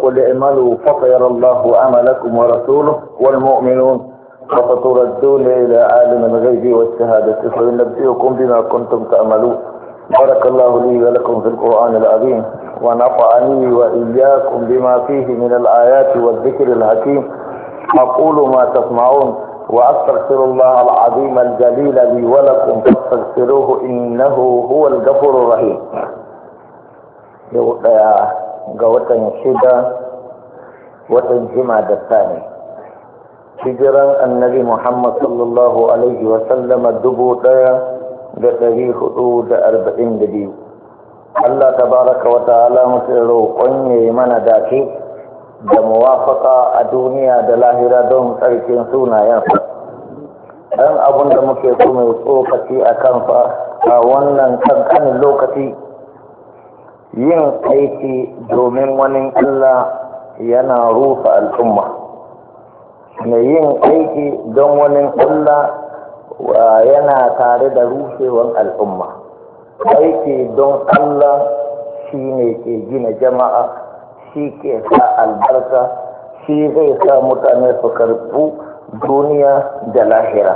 وقل اعملوا فطير الله عملكم ورسوله والمؤمنون فتردون إلى عالم الغيب والشهادة فينبئكم بما كنتم تعملون بارك الله لي ولكم في القرآن العظيم ونفعني وإياكم بما فيه من الآيات والذكر الحكيم أقول ما تسمعون وأستغفر الله العظيم الجليل لي ولكم فاستغفروه إنه هو الغفور الرحيم ga watan shida watan jima da sani hijiran annabi muhammad sallallahu alaihi wa wasallama dubu daya da dari hudu da arba'in da biyu allah tabaraka wa ta'ala mutu roƙon ya yi mana dace da muwafaka a duniya da lahira don tsarkin sunayensa ɗan abin da muke so mai tsokaci a kanfa a wannan kankanin lokaci yin aiki domin wani Allah yana rufa al'umma mai yin aiki don wani Allah yana tare da rufewan al'umma aiki don Allah shi ne ke gina jama'a shi ke sa albarka shi zai sa mutane su karɓu duniya da lahira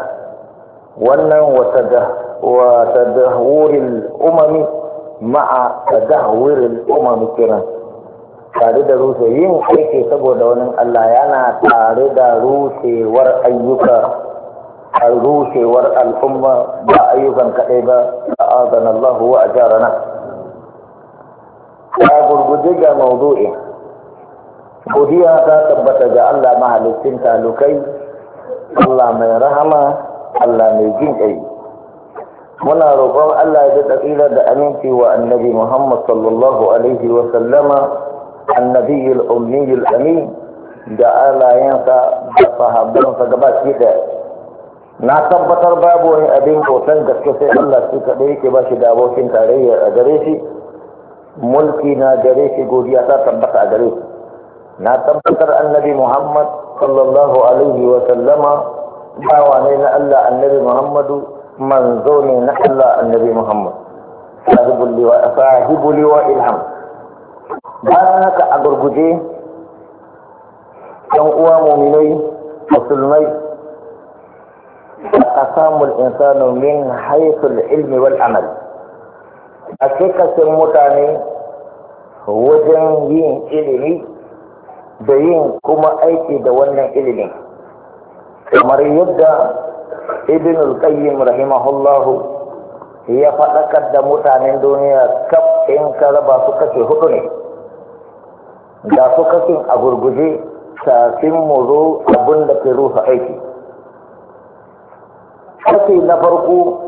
wannan wata da wata da ma'a tadahwiril umam kiran tare da rushe yin aiki saboda wani Allah yana tare da rushewar ayyuka a rushewar al'umma ba ayyukan kaɗai ba a azan Allah wa a jarana ta gurguje ga mawdu'i godiya ta tabbata ga Allah mahalicin talukai Allah mai rahama Allah mai jin ƙai muna roƙon Allah ya daɗa tsira da aminci wa annabi Muhammad sallallahu alaihi wa sallama annabiyul ummiyul amin da alayensa da sahabbansa gaba ki ɗaya na tabbatar babu wani abin bautan gaske sai Allah su kaɗai yake ba shi da abokin tarayya a gare shi mulki na gare shi godiya ta tabbata a gare shi na tabbatar annabi Muhammad sallallahu alaihi wa sallama bawa ne na Allah annabi Muhammadu manzo ne na Allah annabi Muhammad sahibu liwa sahibu liwa ilham bayan haka a gurguje yan uwa muminai musulmai aqsamul insanu min haythu al-ilmi wal amal hakikatin mutane wajen yin ilimi da yin kuma aiki da wannan ilimin kamar yadda ibn al-qayyim rahimahullahu ya faɗakar da mutanen duniya kaf in ka raba su kashe hudu ne da su kashin a gurguje kafin mu abin da ke rufe aiki kashi na farko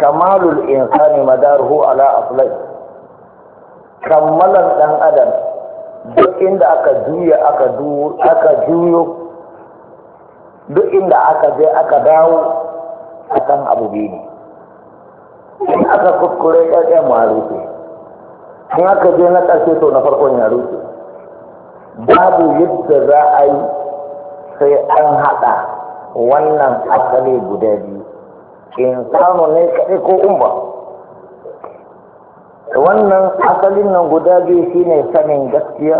kamalul insani madaruhu ala aflai kammalan 'dan adam duk inda aka juya aka juyo duk inda aka je aka dawo a kan abu biyu ne in aka kuskure ɗaya mu a rufe in aka je na ƙarshe to na farkon ya rufe babu yadda za a yi sai an haɗa wannan asali guda biyu samu ne kaɗai ko umba wannan asalin nan guda biyu shine sanin gaskiya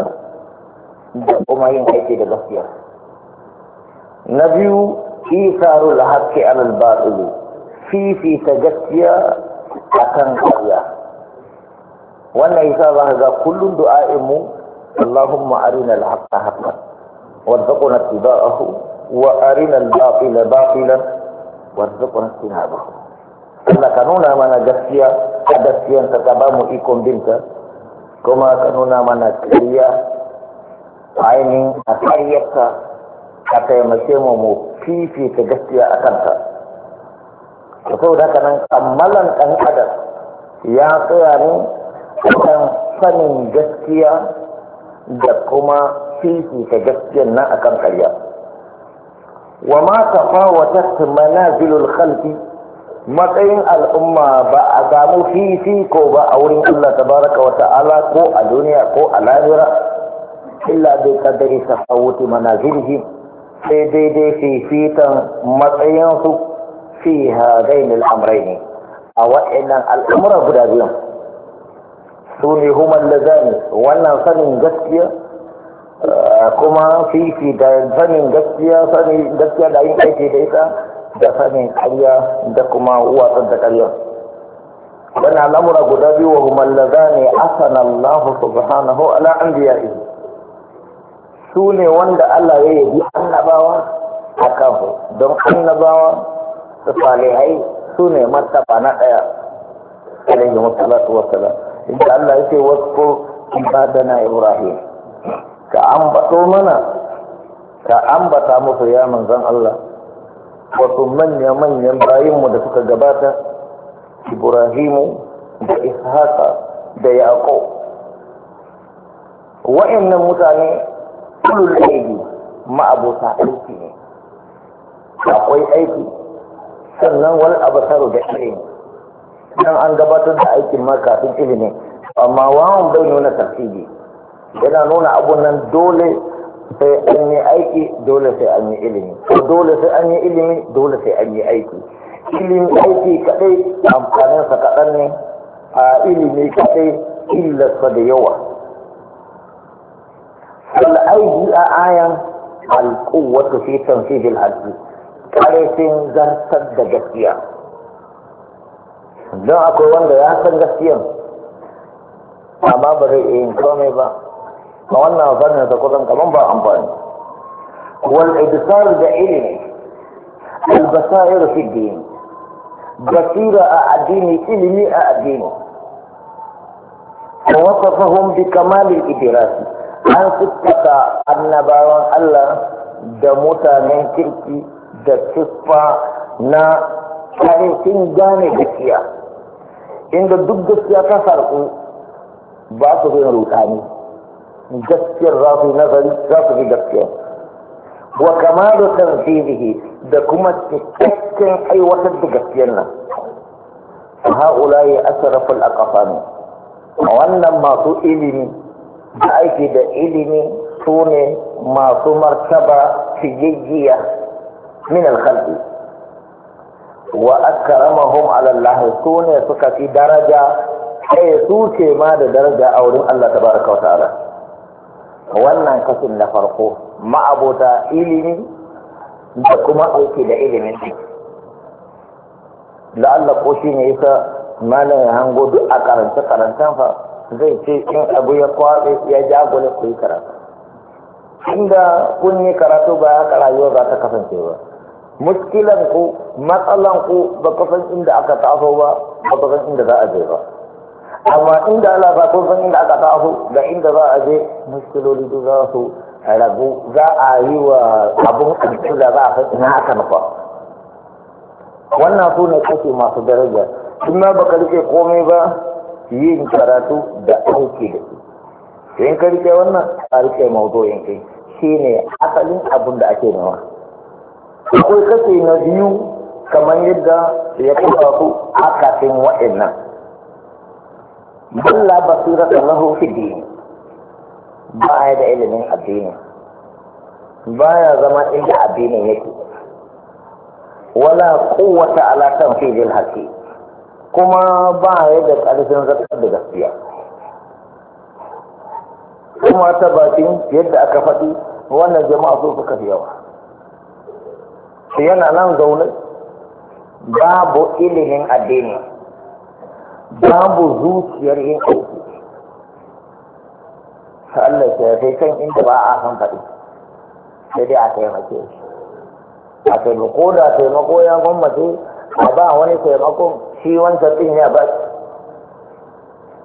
da kuma yin aiki da gaskiya na biyu isarul haqqi alal batil fifita gaskiya akan ƙarya wannan yasa za ka ga kullum du'a'in mu Allahumma arina al-haqqa haqqan warzuqna ittiba'ahu wa arina al-batila batilan warzuqna ijtinabahu Allah ka nuna mana gaskiya a gaskiyan ta ka mu ikon binta kuma ka nuna mana ƙarya ainihin a ƙaryarta a taimake mu mu fifita gaskiya a kanta da saboda da nan kammalan ɗan adam ya tsaya ne kan sanin gaskiya da kuma fifita na nan kan karya wa ma ta ta manazilul khalqi matsayin al'umma ba a fifi ko ba a wurin Allah baraka wa ta'ala ko a duniya ko a lahira illa bi qadri tafawuti manazilihim sai daidai fifitan matsayinsu fi hadain al'amrai ne a wa'annan al'amura guda biyun su ne human lazani wannan sanin gaskiya eh, kuma fifi da sanin gaskiya sanin gaskiya da yin aiki da ita da sanin karya da kuma watsar da karya wannan al'amura guda biyu wa human lazani, asana Allah subhanahu ala anbiya'ihi su ne wanda Allah ya yabi annabawa a kafu, don annabawa su salihai su ne martaba na ɗaya alaihi wasallatu da, inda Allah ya ce wasu ibadana Ibrahim ka ambato mana ka ambata musu ya manzon Allah wasu manya-manyan bayinmu da suka gabata Ibrahimu da Ishaqa da Yaqub wa'annan mutane kullum aiki ma'abota aiki ne akwai aiki sannan wani abu saro da ilimi nan an gabatar da aikin ma kafin ilimi amma wawan bai nuna tafsiri yana nuna abun nan dole sai an yi aiki dole sai an yi ilimi dole sai an yi ilimi dole sai an yi aiki ilimin aiki kadai amfaninsa kaɗan ne a ilimi kadai illarsa da yawa al'aiji a ayan al'uwatu fi tanfidil haqqi karfin zartar da gaskiya don akwai wanda ya san gaskiyan amma ba zai iya yin komai ba ma wannan amfani da kusan kaman ba amfani wal ibsar da ilimi البصائر في الدين بصيرة أديني إلمي أديني ووصفهم بكمال الإدراك an siffata annabawan Allah da mutanen kirki da siffa na tarihin gane gaskiya inda duk gaskiya ta farko, ba su yin rutani gaskiyar za su yi nazari za su yi gaskiya wa kamalu da kuma cikakken aiwatar da gaskiyar nan a asraful ne wannan masu ilimi da aiki da ilimi su ne masu martaba fiyayyiya min alkhalqi wa akramahum ala Allah su ne suka fi daraja sai su ce ma da daraja a wurin Allah tabaraka wa ta'ala wannan kasin na farko ma'abota ilimi da kuma aiki da ilimin la'alla ko shi ne isa malam hango duk a karance karancen fa zai ce in abu ya kwaɗe ya jagole ku yi karatu inda kun yi karatu ba haka rayuwa za ta kasance ba muskilan ku matsalan ku ba ku inda aka taso ba ba ku inda za a je ba amma inda Allah ba kun san inda aka taso da inda za a je muskiloli duk za su ragu za a yi wa abun kanci da za a san ina aka nufa wannan su ne kashi masu daraja in ma baka rike komai ba yin karatu da aiki da su in ka rike wannan a rike mawuzoyin kai shi ne asalin abin da ake nema akwai kashe na biyu kamar yadda ya kafa ku a kafin wa'annan balla su rasa na hofi biyu ba ya da ilimin addini ba ya zama inda addinin yake wala kowace ala tanfidil hakim kuma ba ya da ƙarfin zartar da gaskiya kuma ta bakin yadda aka faɗi wannan jama'a su suka fi yawa su yana nan zaune babu ilimin addini babu zuciyar yin aiki ta Allah ke sai kan inda ba a san faɗi sai dai a taimake shi a taimako da taimako ya gwammace a ba wani taimakon shi wanda ɗin ya ba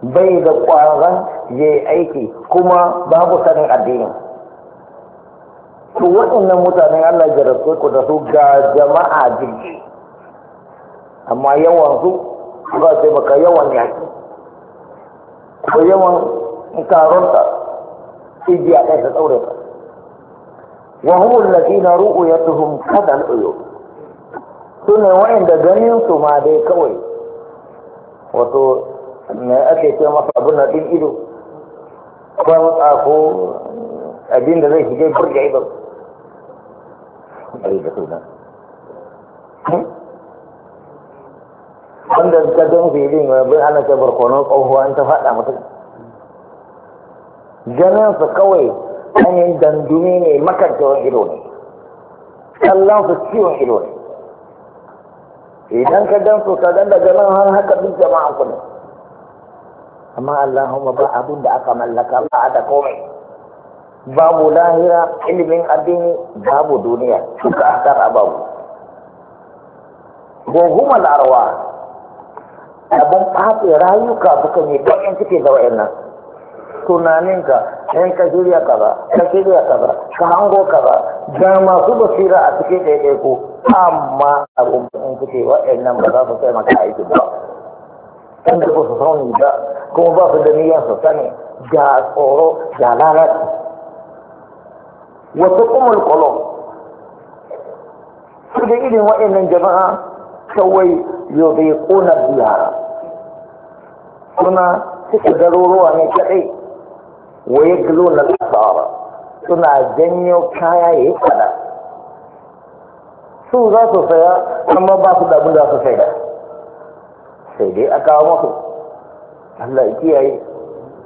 bai da ƙwaron ya yi aiki kuma babu sanin addinin to waɗannan mutanen Allah ya rasu ku da su ga jama'a jirgi amma yawan su ba sai baka yawan yaƙi ko yawan taronta igiya ɗaya ta tsaurata wa huwa ladina ru'yatuhum kadal uyub su ne wa'inda ganin su ma dai kawai wato mai ake ce masa abin na ɗin ido kwamutsa ko abin da zai shige burge ido yi da suna wanda ta don filin bai ana ce barkonon tsohuwa an ta faɗa mutum ganin su kawai hanyar dandumi ne makarcewan ido ne kallon su ciwon ido ne idan ka dan so ka gan daga nan har haka duk jama'a ku ne amma Allahumma ba abin da aka mallaka ba da komai babu lahira ilimin addini babu duniya duka akar ababu huma arwa abin ɓace rayuka ne yi in suke da tunanin tunaninka in ka shirya kaza ka shirya kaza ka hango kaza jama'a su basira a cikin ɗaiɗaiku amma abubuwan suke nan ba za su sai maka aikin ba kan da su sauni ba kuma ba su da niyyar su sani ga tsoro ga lalaci wasu kumul kolo su da irin waɗannan jama'a kawai yau bai ƙona biya suna suka garuruwa ne kaɗai waye gulo na tsara suna janyo kaya ya yi tsada su za su saya amma ba su da abin da su shaida sai dai a kawo masu Allah kiyaye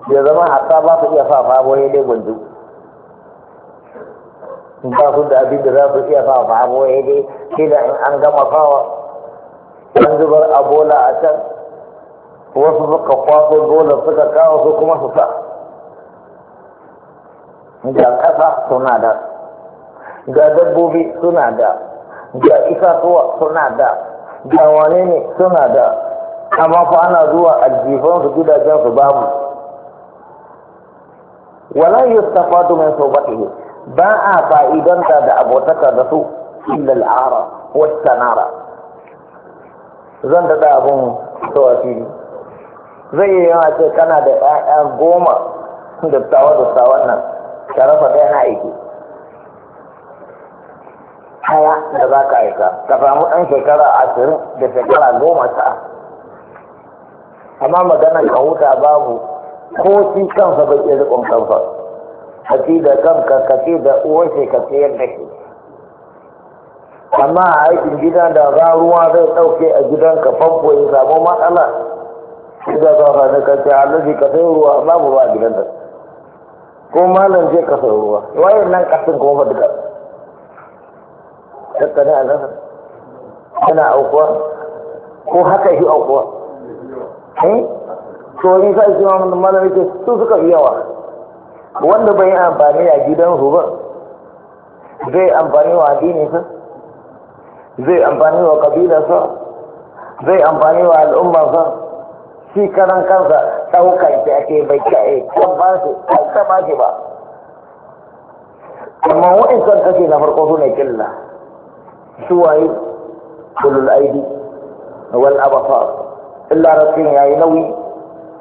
ya zama hatta ba su iya fafa ba ya dai gwanzu ba su da abin da za su iya fafa ba ya dai shi da an gama fawa an zubar a bola a can wasu suka kwaso dole suka kawo su kuma su sa ga kasa suna da ga dabbobi suna da ga itatuwa suna da ga wane ne suna da amma fa ana zuwa a jifansu gidajensu babu wala yustafadu min sohbatihi ba a fa'idanta da abotaka da su illa al'ara wa sanara zan da da abun tawafi zai yi yawa ce kana da ƴaƴa goma dattawa dattawan nan ka rasa ɗaya na aiki haya da za ka aika ka samu ɗan shekara ashirin da shekara goma ta amma maganar ka huta babu ko shi kansa bai iya riƙon kansa ka ci da kanka ka ci da uwar shi ka ke. amma a aikin gida da za ruwa zai ɗauke a gidan ka famfo ya samu matsala shi da za ka ne ka ce alaji ka sai ruwa babu ba gidan da ko malam je ka sai ruwa wayan nan kasin kuma fa duka tattalin a nan tana aukuwa ko haka yi aukuwa eh to ni sai shi mamun malam yake su suka yi yawa wanda bai amfani a gidan ba zai amfani wa addininsa zai amfani wa kabilarsa zai amfani wa al'ummarsa shi karan kansa ɗaukar shi ake bai ka'e kan ba su kan ba shi ba amma wa'in kan kashe na farko su ne killa suwaye ulul aidi wal abasar illa rasin yayi nauyi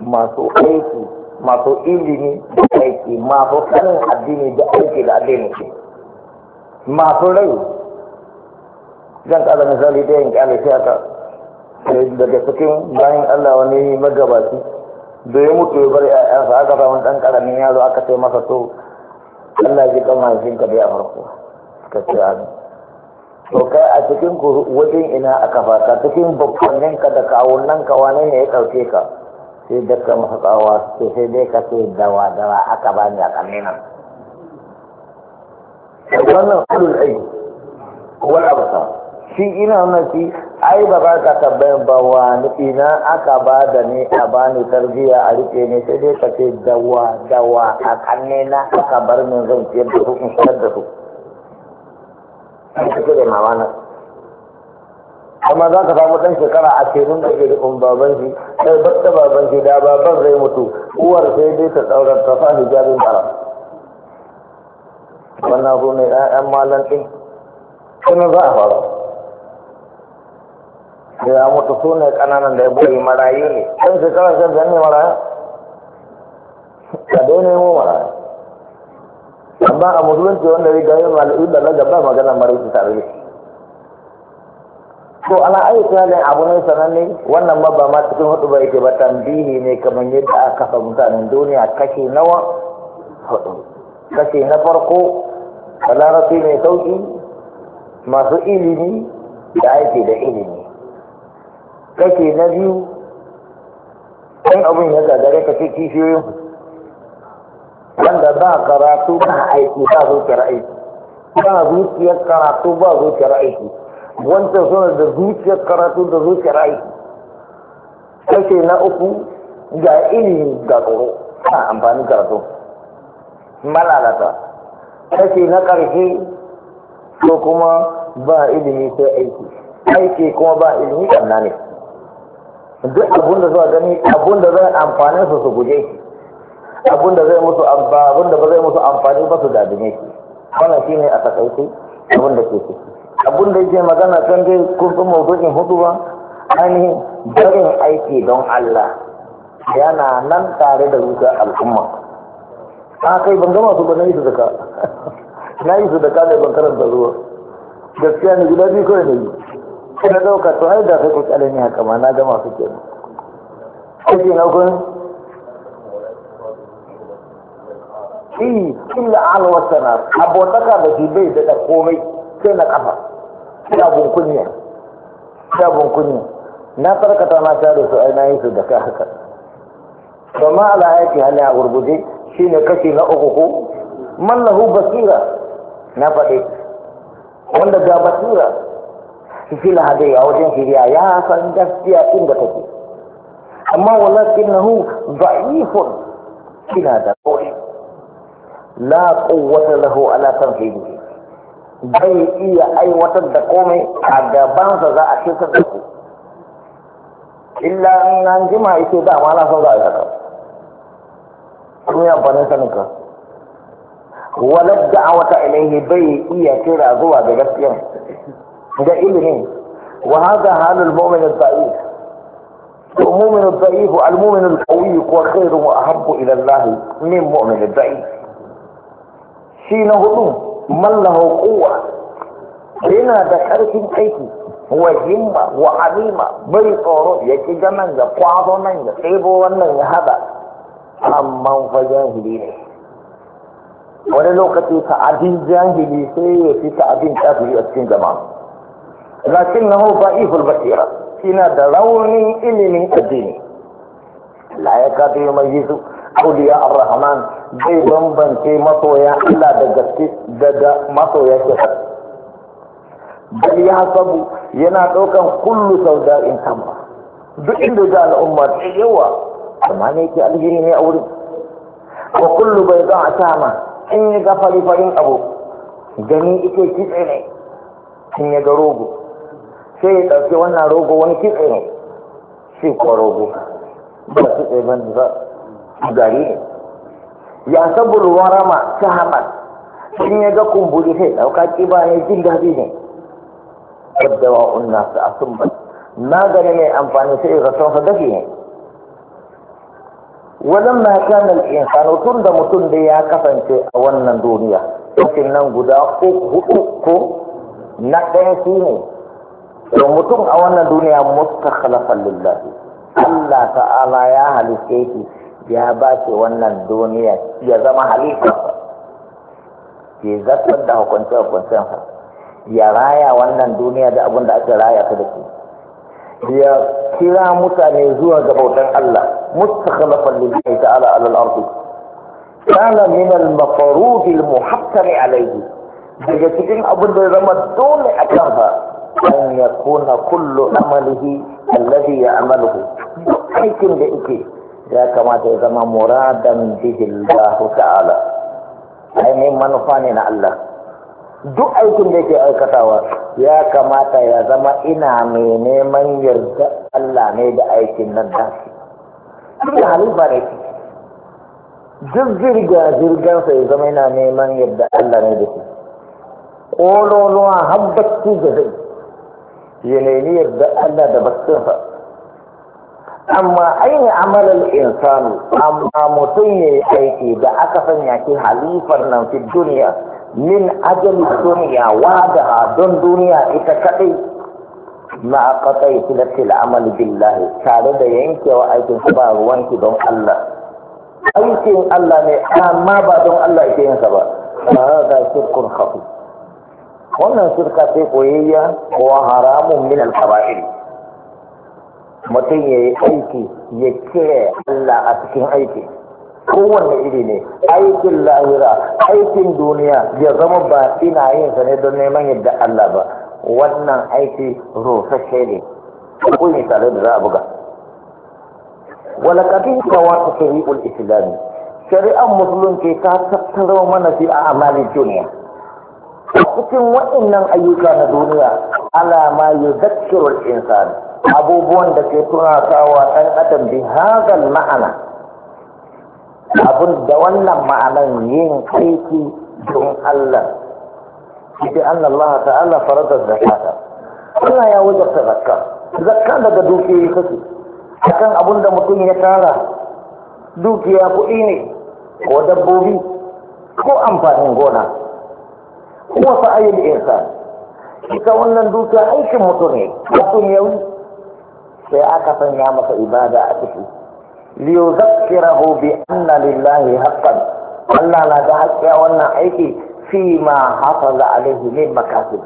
masu aiki masu ilimi da aiki masu sanin addini da aiki da addini ce masu rai zan kada misali da yanki alaƙi haka daga cikin bayan allah wani magabaci da ya mutu ya bar ‘ya'yansa aka samu ɗan karamin yaro aka ce masa to allah ji kan ka da ya farko ka ce amin to kai a cikin wajen ina aka ka cikin babbannin ka da kawunan ka wani ne ya ɗauke ka sai da ka masa tsawa sai dai ka ce dawa dawa aka ba ni a kanni nan wannan ai kuwa na basa shi ina wannan shi ai ba ba ka tabbayin ba wa ina aka ba da ni a bani tarbiyya a rike ne sai dai ka ce dawa dawa a kanni na aka bar min zan ce da su in da su an fito da mamana amma za ka samu ɗan shekara a cikin da ke rikon baban shi sai bakta baban shi da baban zai mutu uwar sai dai ta tsaurar ta sa hijabin bara wannan su ne ɗan malan ɗin suna za a faru da ya mutu su ne ƙananan da ya bari marayu ne ɗan shekara shan ne marayu ka dai nemo marayu amma a musulunci wanda riga yin mal'in da daga ba magana maraici tare to ala ayyuka ne abu ne sananne wannan ba ba ma cikin hudu ba yake ba tambihi ne kamar yadda aka kafa mutanen duniya kashi nawa hudu kashi na farko balarafi mai sauki masu ilimi da aiki da ilimi kashi na biyu ɗan abin ya gagare ka ce kishiyoyin wanda ba karatu ba aiki ba zuciyar aiki ba zuciyar karatu ba zuciyar aiki wancan suna da zuciyar karatu da zuciyar aiki kashe na uku ga ilimi ga tsoro ba amfani karatu malalata kashe na ƙarshe ko kuma ba ilimi sai aiki aiki kuma ba ilimi ƙanna ne duk abinda zuwa gani abinda zai amfani su su guje shi abinda zai musu amfani abinda ba zai musu amfani ba su dadime shi wannan shine a takaice abin da ke ciki abin da yake magana kan dai kun fi maudu'in hudu ba ainihin barin aiki don Allah yana nan tare da zuciyar al'umma a ah, kai ban gama su ba na yi su daka. na yi su daka ne ban karanta zuwa gaskiya ne guda biyu kawai ne yi na ɗauka to ai da kai ku kyalin haka ma na gama su kenan. Kake na fi illa alwasana abotaka da shi bai da komai sai na kafa ya bunkunya ya bunkunya na farkata na sha da su ai na yi su da ka haka ma ala yake hali a gurguje shine kashi na uku ko man lahu basira na faɗi wanda ga basira shi la hade a wajen shirya ya san gaskiya inda take amma walakin nahu da'ifun kina da kawai لا قوة له على تنفيذه بي اي اي وطن دقومي حقا بانسا ذا اكي تدقو إلا أن نجمع إسيدا ما لا سوزا إسيدا كم يبني سنكا ولد دعوة إليه بي إيا كيرا زوا بغت يم جا إلهم وهذا حال المؤمن الضعيف المؤمن الضعيف المؤمن القوي هو خير وأحب إلى الله من مؤمن الضعيف shi na hudu mallaho kowa yana da karfin aiki wa himma wa alima bai tsoro ya ki ganan ya kwazo nan ya tsebo wannan ya hada amma fa jahili ne wani lokaci abin jahili sai ya fi abin tafiye a cikin jama'a lakin na hau ihul basira ina da raunin ilimin addini la ya kafe mai su auliya ar-rahman zai bambance masoya Allah da gaske daga masoya kira bal ya sabu yana ɗaukan kullu sauda'in kama. duk inda za al'umma ta yawa amma ne ke alheri ne a wurin Ko kullu bai za a tama in ya ga fari-farin abu gani ike kitse ne in ya ga rogo sai ya ɗauki wannan rogo wani kitse ne shi kuwa rogo ba kitse ban za gari ne ya sabul ta sahaman sun ya ga kumburi sai ɗauka ƙiba ne jin daɗi ne wadda wa unna su a sun Na gani mai amfani sai ga sun fa dafi ne wajen na kanar insano tun da mutum da ya kasance a wannan duniya cikin nan guda hudu ko na ɗaya shi ne mutum a wannan duniya musta khalafan lillahi Allah ta'ala ya halitta shi ya ba shi wannan duniya ya zama halifa ya zartar da hukunce sa. ya raya wannan duniya da abin da raya ta da ke. ya kira mutane zuwa ga bautan Allah mustakhlafan lillahi ta'ala alal ardi kana min al mafrud al muhattam alayhi daga cikin abin da zama dole a kansa an yakuna kullu amalihi alladhi ya'maluhu aikin da yake ya kamata ya zama muradan bihillahu ta'ala ainihin manufa ne na Allah duk aikin da yake aikatawa ya kamata ya zama ina mai neman yarda Allah ne da aikin nan nashi duk da halifa ne duk zirga zirgansa ya zama ina neman yarda Allah ne da shi ƙololuwa har bacci da zai ya nemi yarda Allah da baccinsa amma aini amalar insanu amma mutum ne aiki da aka sanya ki halifar nan fi duniya min ajali duniya wada don duniya ita kadai ma qata yusilati al-amal billahi tare da yankewa aikin ba ruwanki don Allah aikin Allah ne amma ba don Allah yake yin sa ba hada shirkun khafi wannan shirka sai koyayya ko haramun min al-kaba'ir mutum ya yi aiki ya kira Allah a cikin aiki kowanne iri ne aikin lahira aikin duniya ya zama ba ina yin sa don neman yadda Allah ba wannan aiki rusasshe ne yi tare da za a buga walakadin kawa ta shari'ul islami shari'ar musulunci ta tattaro mana fi a amalin duniya a cikin waɗannan ayyuka na duniya alama ya zakkirul insani abubuwan da ke tunatawa ɗan adam bi hazal ma'ana abun da wannan ma'anan yin aiki don Allah shi Allah Allah ta'ala faradar zakata Allah ya wuce zakka zakka daga dukiyoyi kake akan abun da mutum ya tara dukiya kuɗi ne ko dabbobi ko amfanin gona ko sa'ayin insa ita wannan dukiya aikin mutum ne mutum ya sai aka sanya masa ibada a ciki liyuzakkirahu bi anna lillahi haqqan Allah na da a wannan aiki fi ma hafaza alaihi min makasib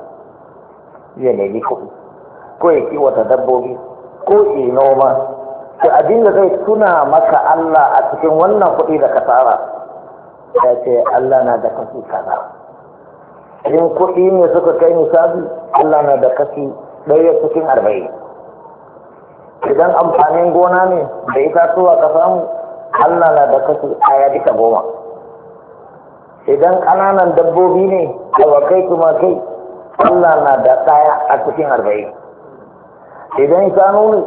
ya nemi kuɗi ko ya kiwata dabbobi ko ya noma to abin da zai tuna maka Allah a cikin wannan kuɗi da ka tara ya ce Allah na da kashi kaza in kuɗi ne suka kai misali Allah na da kashi ɗaya cikin arba'in idan amfanin gona ne da itatuwa ka samu Allah na da kashi aya duka goma idan ƙananan dabbobi ne awakai kai, Allah na da ɗaya a cikin arba'in idan shanu ne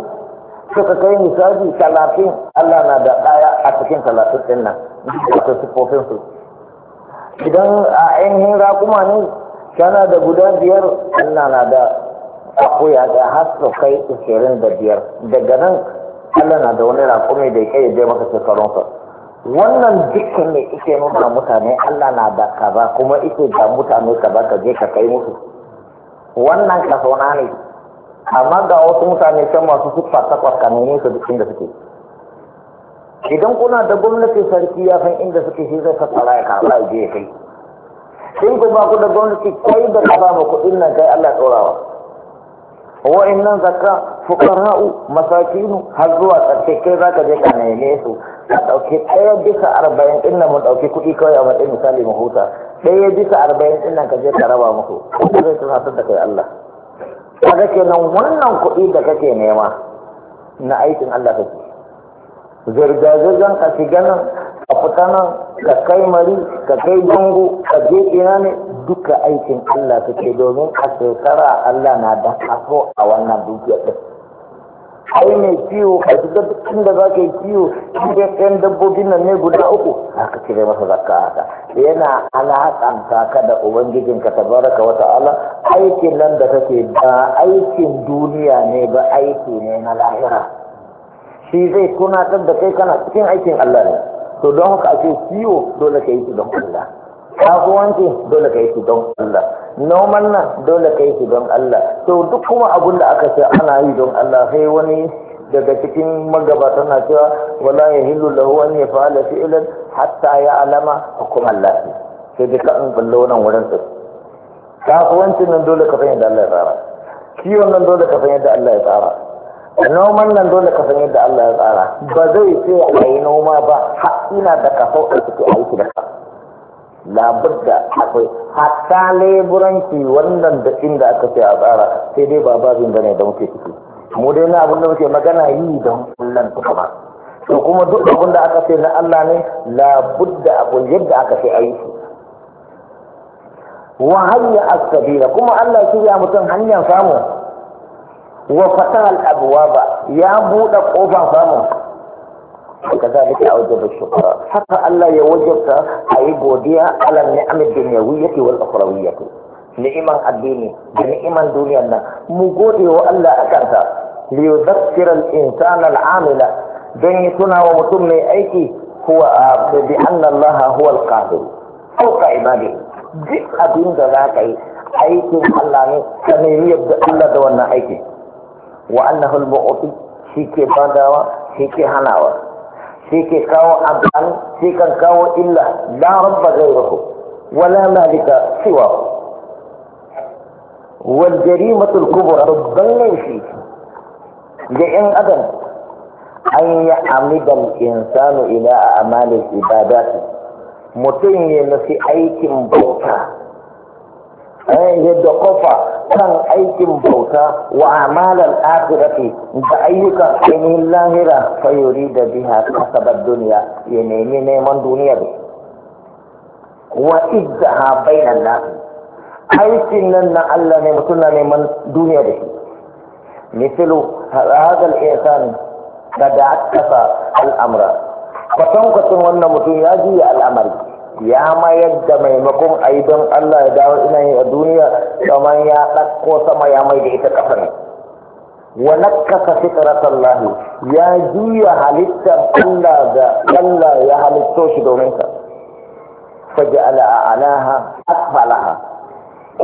suka kai misali talatin Allah na da ɗaya a cikin talatin ɗin nan wato su. idan a ainihin rakuma ne tana da guda biyar Allah na da akuya da har su kai ishirin da biyar daga nan Allah na da wani raƙumi da ya je maka sa. wannan dukkan ne ike nuna mutane Allah na da kaza kuma ike da mutane kaza ka je ka kai musu wannan kasona ne amma ga wasu mutane can masu siffa takwas ka nemi su duk inda suke idan kuna da gwamnati sarki ya san inda suke shi zai ka tsara ya karɓa ya je ya kai in ku ba ku da gwamnati kai da ka ba mu kuɗin nan kai Allah ya tsorawa wa'annan zakka fuqara'u masakinu har zuwa ƙarshe kai ka je ka neme su ka ɗauki ɗaya bisa arba'in ɗin nan mu ɗauki kuɗi kawai a matsayin misali mu huta ɗaya bisa arba'in ɗin nan ka je ka raba musu ko zai tunatar da kai Allah kaga kenan wannan kuɗi da kake nema na aikin Allah kake zirga-zirgan ka shiga nan A fita nan ka kai mari ka kai bango ka je ina ne duka aikin Allah ke domin a shekara Allah na da kaso a wannan dukiyar ɗin ai mai kiwo a shiga cikin da za ka yi kiwo cikin ɗan dabbobin nan ne guda uku za ka cire masa zakka haka yana alaƙanta ka da ubangijin ka tabaraka wata ta'ala aikin nan da kake ba aikin duniya ne ba aiki ne na lahira shi zai tunatar da kai kana cikin aikin Allah ne to don haka ake kiwo dole ka yi shi don Allah kasuwanci dole ka yi shi don Allah noman nan dole ka yi shi don Allah to duk kuma abun da aka ce ana yi don Allah sai wani daga cikin magabata na cewa wala ya hillu da an ya fa'ala fi'lan hatta ya alama kuma lafi sai duka in ballo nan wurin su kasuwancin nan dole ka fahimta Allah ya tsara kiwon nan dole ka fahimta Allah ya tsara noman nan dole ka san yadda Allah ya tsara ba zai ce a yi noma ba har ina da kaso a ciki aiki da ka da akwai hatta leburanci wannan da inda aka ce a tsara sai dai ba babin bane da muke ciki mu dai na abin da muke magana yi don kullum kuma to kuma duk abin da aka ce na Allah ne da akwai yadda aka ce aiki wa hanya as kuma Allah ya shirya mutum hanyar samu wa fatahal abwaba ya bude kofa samu kadhalika awjaba shukra haka Allah ya wajabta ayi godiya ala ni'amat dunyawiyyati wal ukhrawiyyati ni'iman addini da ni'iman duniya nan mu gode wa Allah akan ta li yudhakkira al insana al amila dan wa mutum mai aiki huwa bi anna Allah huwa al qadir ko kaibadi duk abin da zaka yi aikin Allah ne ka nemi yadda Allah da wannan aiki. wa annahu al-mu'ti shi ke badawa shi ke hanawa shi ke kawo abdan shi kan kawo illa la rabba ghayruhu wala malika siwahu wal jarimatul kubra babban laifi ga yan adam an ya amidal insanu ila amalin ibadati mutum ya nufi aikin bauta yadda kofa kan aikin bauta wa amalar akirati da ayyukan ainihin lahira fayori da biha kasabar duniya ya nemi neman duniya duniyar wa idda ha bainan na aikin nan na Allah ne mutum na neman duniya da shi misalu hadal ihsan da da akasa al'amra kwatankwacin wannan mutum ya juya al'amari ya mayar da maimakon a yi don Allah ya dawo ina yi a duniya kamar ya ɗakko sama ya mai da ita ƙasa ne wa nakasa ya juya halittar Allah da Allah ya halitto shi domin ka faj'ala a'laha asfalaha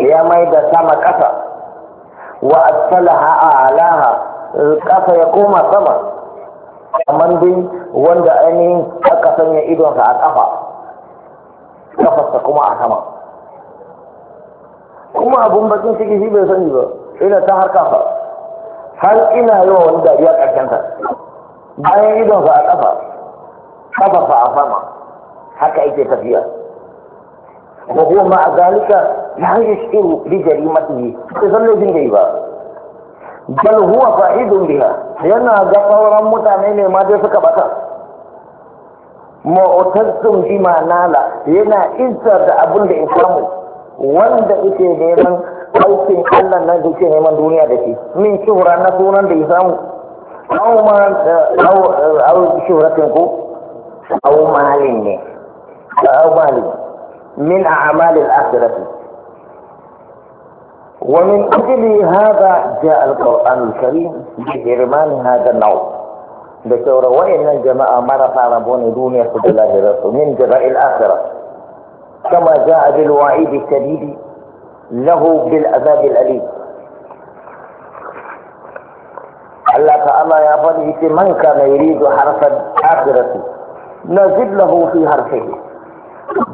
ya mai da sama ƙasa wa asfalaha a'laha ƙasa ya koma sama kamar dai wanda ainihin aka sanya idonsa a ƙafa kafarsa kuma a sama kuma abun bakin ciki shi bai sani ba ina ta har kafa har ina yi wa wani dariya ƙarshenta bayan idonsa a ƙafa kafarsa a sama haka ake tafiya wa huwa ma zalika la yashuru bi yi. sai san laifin da yi ba bal huwa fa'idun biha yana ga sauran mutane ne ma dai suka bata ma'otattun bima nala yana izar da abin da ya samu wanda yake neman aikin Allah na duke neman duniya da ke min shuhura na sunan da ya samu aw ma aw shuhratin ko aw malin ne aw malin min a'malil akhirati ومن أجل هذا جاء القرآن الكريم بحرمان هذا النوع da sauran wayannan jama'a marasa rabo ne duniya su da lahirar su min jaza'il akhirah kama ja'a bil wa'idi shadidi lahu bil azab al alim Allah ta'ala ya faɗi ita man kana yuridu harfan akhirati nazid lahu fi harfihi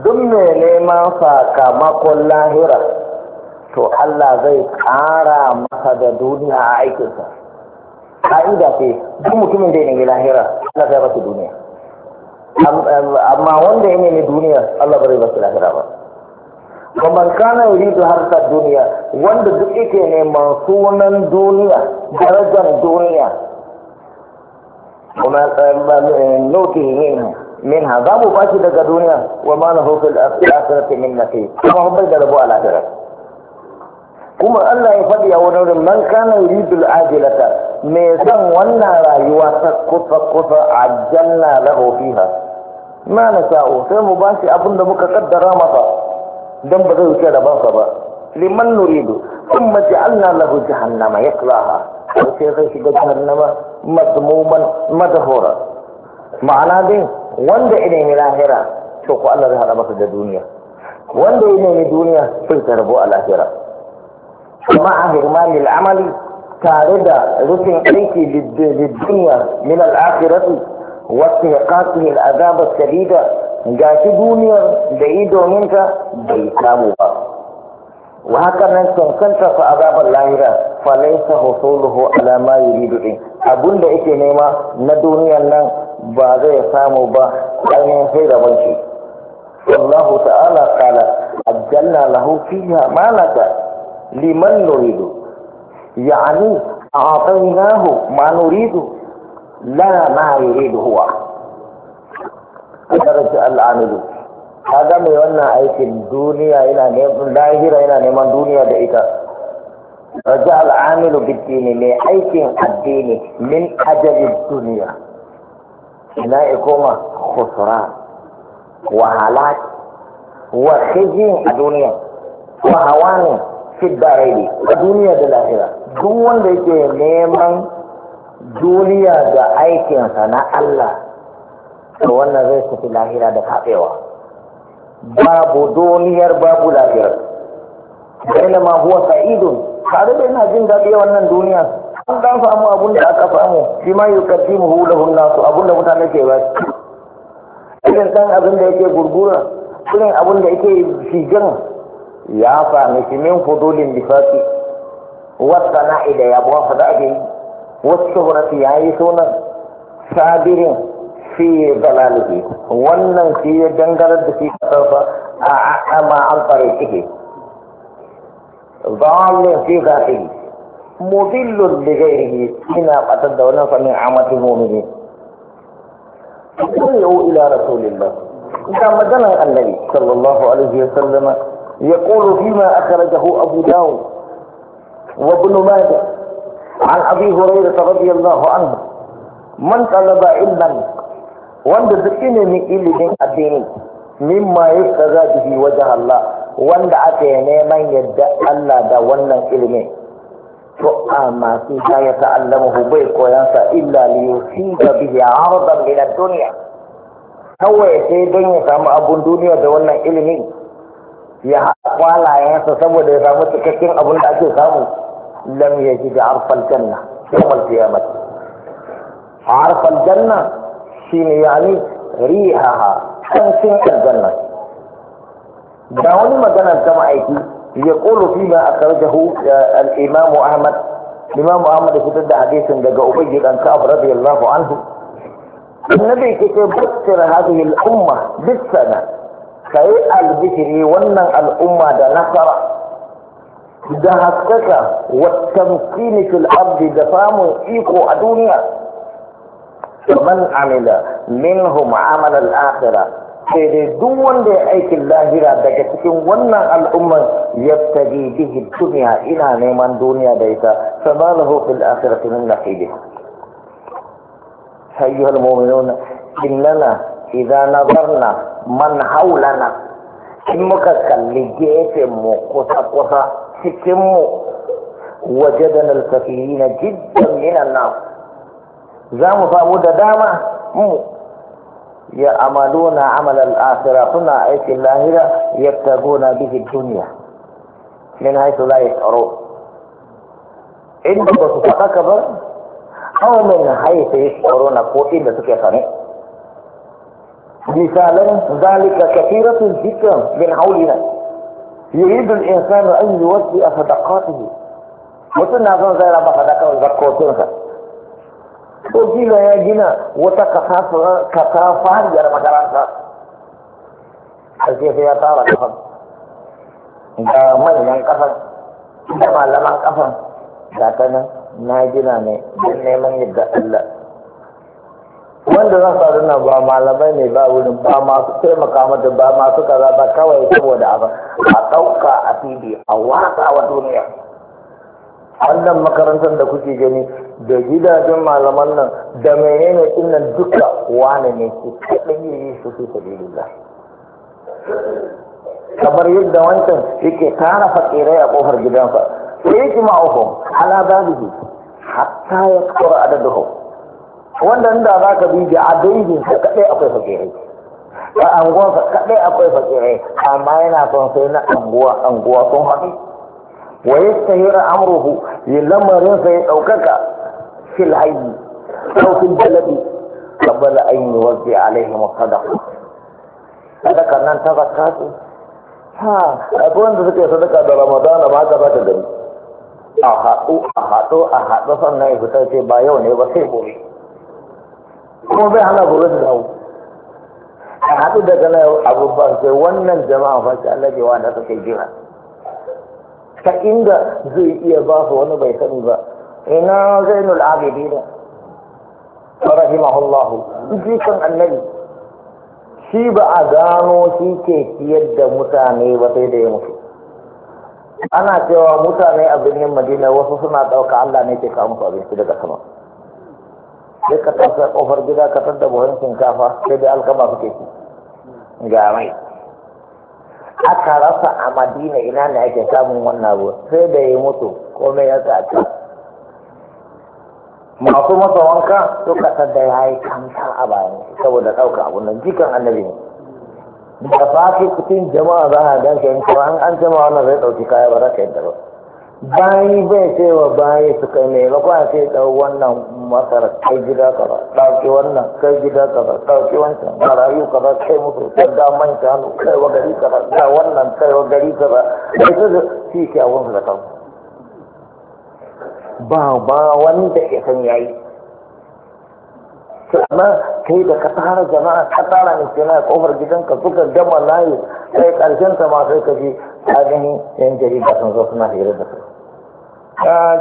duk mai neman sakamakon lahira to Allah zai ƙara masa da duniya a aikinsa ka'ida ce duk mutumin da ya lahira Allah zai ba duniya amma wanda ya nemi duniya Allah ba zai ba lahira ba wa man kana da harkar duniya wanda duk yake neman sunan duniya darajar duniya kuma yin eh, min minha za mu shi daga duniya wa ma da fil akhirati min na nasib kuma bai da rabu a lahira kuma Allah ya faɗi a wani wurin man kana yuridul ajilata me san wannan rayuwa ta kusa kusa ajalna lahu fiha ma nasa'u sai mu ba shi abin da muka kaddara masa dan ba zai wuce da ba liman nuridu thumma ja'alna lahu jahannama yaklaha sai zai shiga jahannama madmuman madhura ma'ana dai wanda ina ne lahira to ko Allah zai hada masa da duniya wanda ina ne duniya sai ta rabu a lahira مع هرمان العمل تاردة رسم أيكي للدنيا من الآخرة azabar العذاب ga shi duniyar da yi dominta bai samu ba wa haka nan cancanta fa azabar lahira falaisa husuluhu ala ma yuridu din Abunda yake nema na duniyar nan ba zai samu ba ainihin sai da banci wallahu ta'ala qala ajjalna lahu fiha malaka liman nuridu yani a'tainahu ma nuridu la ma yuridu huwa daraja al'amilu kaga mai wannan aikin duniya yana neman lahira yana neman duniya da ita raja al'amilu bidini mai aikin addini min ajalin duniya ina ya koma kusura wa wa a duniya wa ne. fiddarai ne a duniya da lahira duk wanda yake neman duniya da aikinsa na Allah to wannan zai tafi lahira da kafewa babu duniyar babu lahirar da ma huwa sa'idun tare da yana jin daɗi wannan duniya an dan samu abun da aka samu shi ma yukaddimuhu lahu nasu abun da mutane ke ba irin dan abin da yake gurgura irin abun da yake shigan ya sami shi min fudulin nifaqi wata na'i da yabo fa da ake wasu hurati ya yi sunan sabirin fi dalalihi wannan shi ya dangarar da shi kasarsa a ma an tsare shi zalin fi zatihi mudillun da gairi ina fatar da wannan sanin amatin mu'mini yau ila rasulillah ga maganar annabi sallallahu alaihi wa sallama يقول فيما أخرجه أبو داود وابن ماجه عن أبي هريرة رضي الله عنه من طلب علما وند ذكيني من إلي من الدين مما يبتغى به وجه الله وند أتيني من يدعى الله دا ونن إلمي فأما لا يتعلمه بيك وينسى إلا ليصيب به عرضا من الدنيا هو يسيدني don ya samu دا duniya da wannan ya haɗa kwalayensa saboda ya samu cikakken abin da ake samu lam ya ji da harfar janna yawmal qiyamati harfar janna shine yani rihaha kancin aljanna da wani maganar ta ma'aiki ya qulu fi ma akhrajahu eh, al-imam ahmad imam ahmad ya fitar da hadisin daga ubay dan ka'ab radiyallahu anhu النبي كتب بشر هذه umma بالسنة ka yi wannan al'umma da nasara da haskaka watan fil ardi da samun iko a duniya man amila minhum amalan akhirah sai dai duk wanda ya aikin lahira daga cikin wannan al'umman ya tabi bihi duniya ina neman duniya da ita samalahu fil akhirati min nasibi ayyuhal mu'minuna innana idza nazarna man haulana in muka kalli gefen mu kusa kusa cikinmu mu da al-kafirina jiddan minan nar za mu samu da dama mu ya na amal al suna aikin lahira na bihi duniya. min haythu la yash'urun inda ba su faɗaka ba aw min haythu korona ko inda suke sane misalan zalika كثيرة جدا من حولنا يريد الإنسان أن يوزع صدقاته mutum na son zai raba sadakar zakokinsa ko kila ya gina wata kasafariyar makaranta a sai ya tara kafan da manyan kafan da malaman kafan da ta nan na gina ne don neman yadda Allah wanda zan sa na ba malamai ne ba wurin ba masu taimaka mata ba masu kaza ba kawai saboda abin a ɗauka a fili a wasa wa duniya wannan makarantar da kuke gani da gidajen malaman nan da menene din duka wane ne ke kaɗan yi su fi kamar yadda wancan yake tara fakirai a ƙofar gidansa sai yake ma'ofin ala babihi hatta ya adadin hau wannan da za ka bije a dangin sa kaɗai akwai fakirai a anguwansa kaɗai akwai fakirai amma yana son sai na anguwa anguwa sun haɗu wa yastahira amruhu yi lamarin sa ya ɗaukaka fil hayyi aw fil baladi qabla an yuwazzi alaihim sadaqa sadaka nan ta zakka ce ha akwai wanda suke sadaka da ramadana ba ka za ka gani a haɗu a haɗu a haɗu sannan ya fitar ce ba yau ne ba sai gobe kuma bai hana gobe su dawo a haɗu da gana abubuwan sai wannan jama'a fashe Allah ke wanda suka yi jira ta inda zai iya ba su wani bai sani ba ina zainul abidin rahimahullahu jikan annabi shi ba a gano shi ke ciyar da mutane ba sai da ya mutu ana cewa mutane a birnin madina wasu suna ɗauka Allah ne ke kawo musu abinci daga sama sai ka tafi kofar gida ka tadda buhun shinkafa sai da alkama suke ci ga mai aka rasa a madina ina ne ake samun wannan abu sai da ya mutu komai ya tsaka masu masa wanka suka da ya yi kanta a bayan saboda ɗauka abu nan jikan annabi ne da fafi cikin jama'a za a gan shi an an jama'a wannan zai ɗauki kaya ba za ka yadda ba bayi bai ce wa bayi su kai ba kwa ce ɗau wannan masar kai gida ka ba ɗauki wannan kai gida ka ba ɗauki wancan marayu ka ba kai musu ta daman hannu kai wa gari ka ba da wannan kai wa gari ka ba da su da shi kyawun su da kan ba ba wanda ya san yayi sannan kai da ka tara jama'a ka tara mai kofar gidanka suka gama layi sai karshen ta sai ka fi. ka gani yan jarida sun zo suna hira da su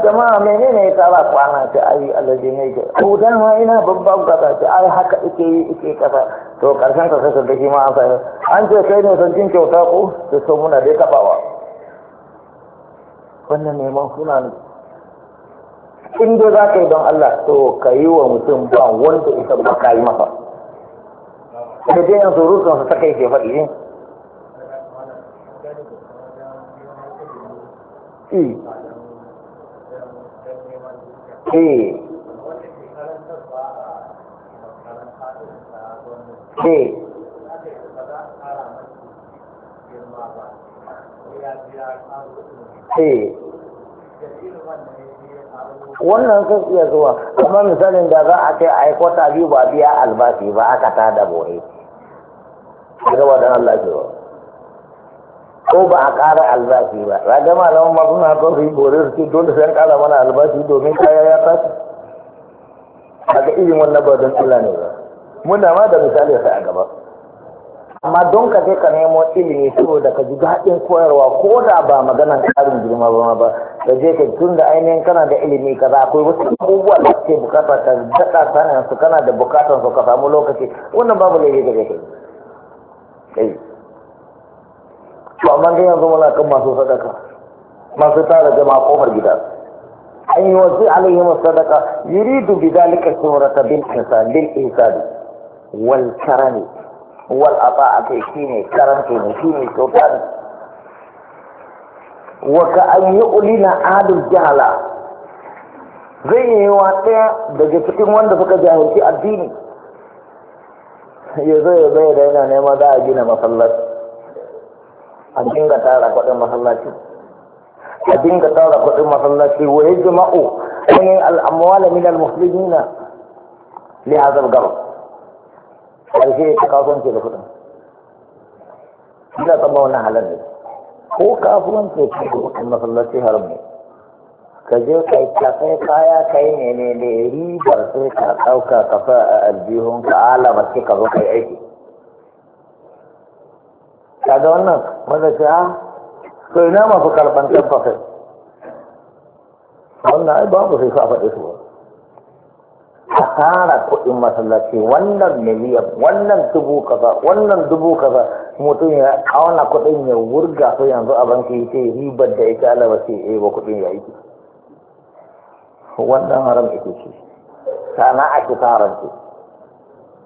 jama'a menene ya tsara kwana ta ayi alaji ne ga ko ma ina babban gaba ta ai haka ike yi ike kasa to karshen ka sai da shi ma an sai an ce kai ne san jin kyauta ko to so muna dai kabawa wannan neman suna ne in dai za ka yi don Allah to ka yi wa mutum ba wanda isa ba ka yi masa da dai yanzu rusun su ta kai ke faɗi eh? wannan sun iya zuwa kuma misalin da za a ce a yi kwata biyu ba biya albashi ba aka ta da bore. Allah ke ko ba a kara albashi ba raga malaman ma suna son su yi gore su dole sai an ƙara mana albashi domin kaya ya tashi ga irin wannan ba don ne ba muna ma da misali sai a gaba amma don ka je ka nemo ilimi saboda ka ji daɗin koyarwa ko da ba maganan ƙarin girma ba ba ka je ka tun da ainihin kana da ilimi ka za akwai wasu abubuwa da ke bukata ka daɗa sanin su kana da bukatan su ka samu lokaci wannan babu laifi gare ka to amma dai yanzu muna kan masu sadaka masu tara jama'a kofar gida an yi wasu alaihi sadaka yuridu bi zalika surata bil insan bil insan wal karami wal ata'ati shine karanta ne shine kyauta ne wa ka an ulina adul jahala zai yi wa ɗaya daga cikin wanda suka jahilci addini ya zo ya zai da yana nema za a gina masallaci a dinga tara kuɗin masallaci a dinga tara kuɗin masallaci wa yajma'u al-amwal min al-muslimina li hadha al-gharb karshe ta kasuwanci da kuɗin ina tsamma wannan halal ne ko kasuwanci ka da kuɗin masallaci haram ne ka je ka yi sai kaya ka yi ne ne ribar sai ka ɗauka kafa a aljihun ka alama sai ka zo kai aiki kaga wannan wanda ce a ah, to ina masu karban tabbasai wannan ai babu sai su a faɗe su ba tsara kuɗin masallaci wannan miliyan wannan dubu kaza wannan dubu kaza mutum ya auna kuɗin ya wurga su yanzu a banki ce ribar da ita alaba ce eh ba kuɗin ya yi wannan haram ita ce Sana'a ki haram ce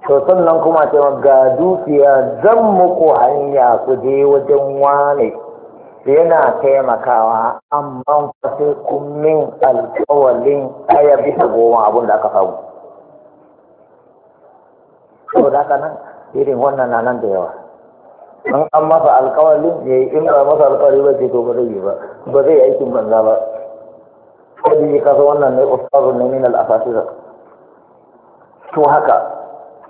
to sannan kuma ce ga dukiya zan muku hanya ku je wajen wane yana taimakawa amma fa sai kun min alkawalin ɗaya bisa goma abin da aka samu to da haka nan irin wannan na nan da yawa an an masa alkawalin ne in ba masa alkawali ba ce to ba zai ba ba zai aikin banza ba ko da kasa wannan ne ustazu ne min al-asatira to haka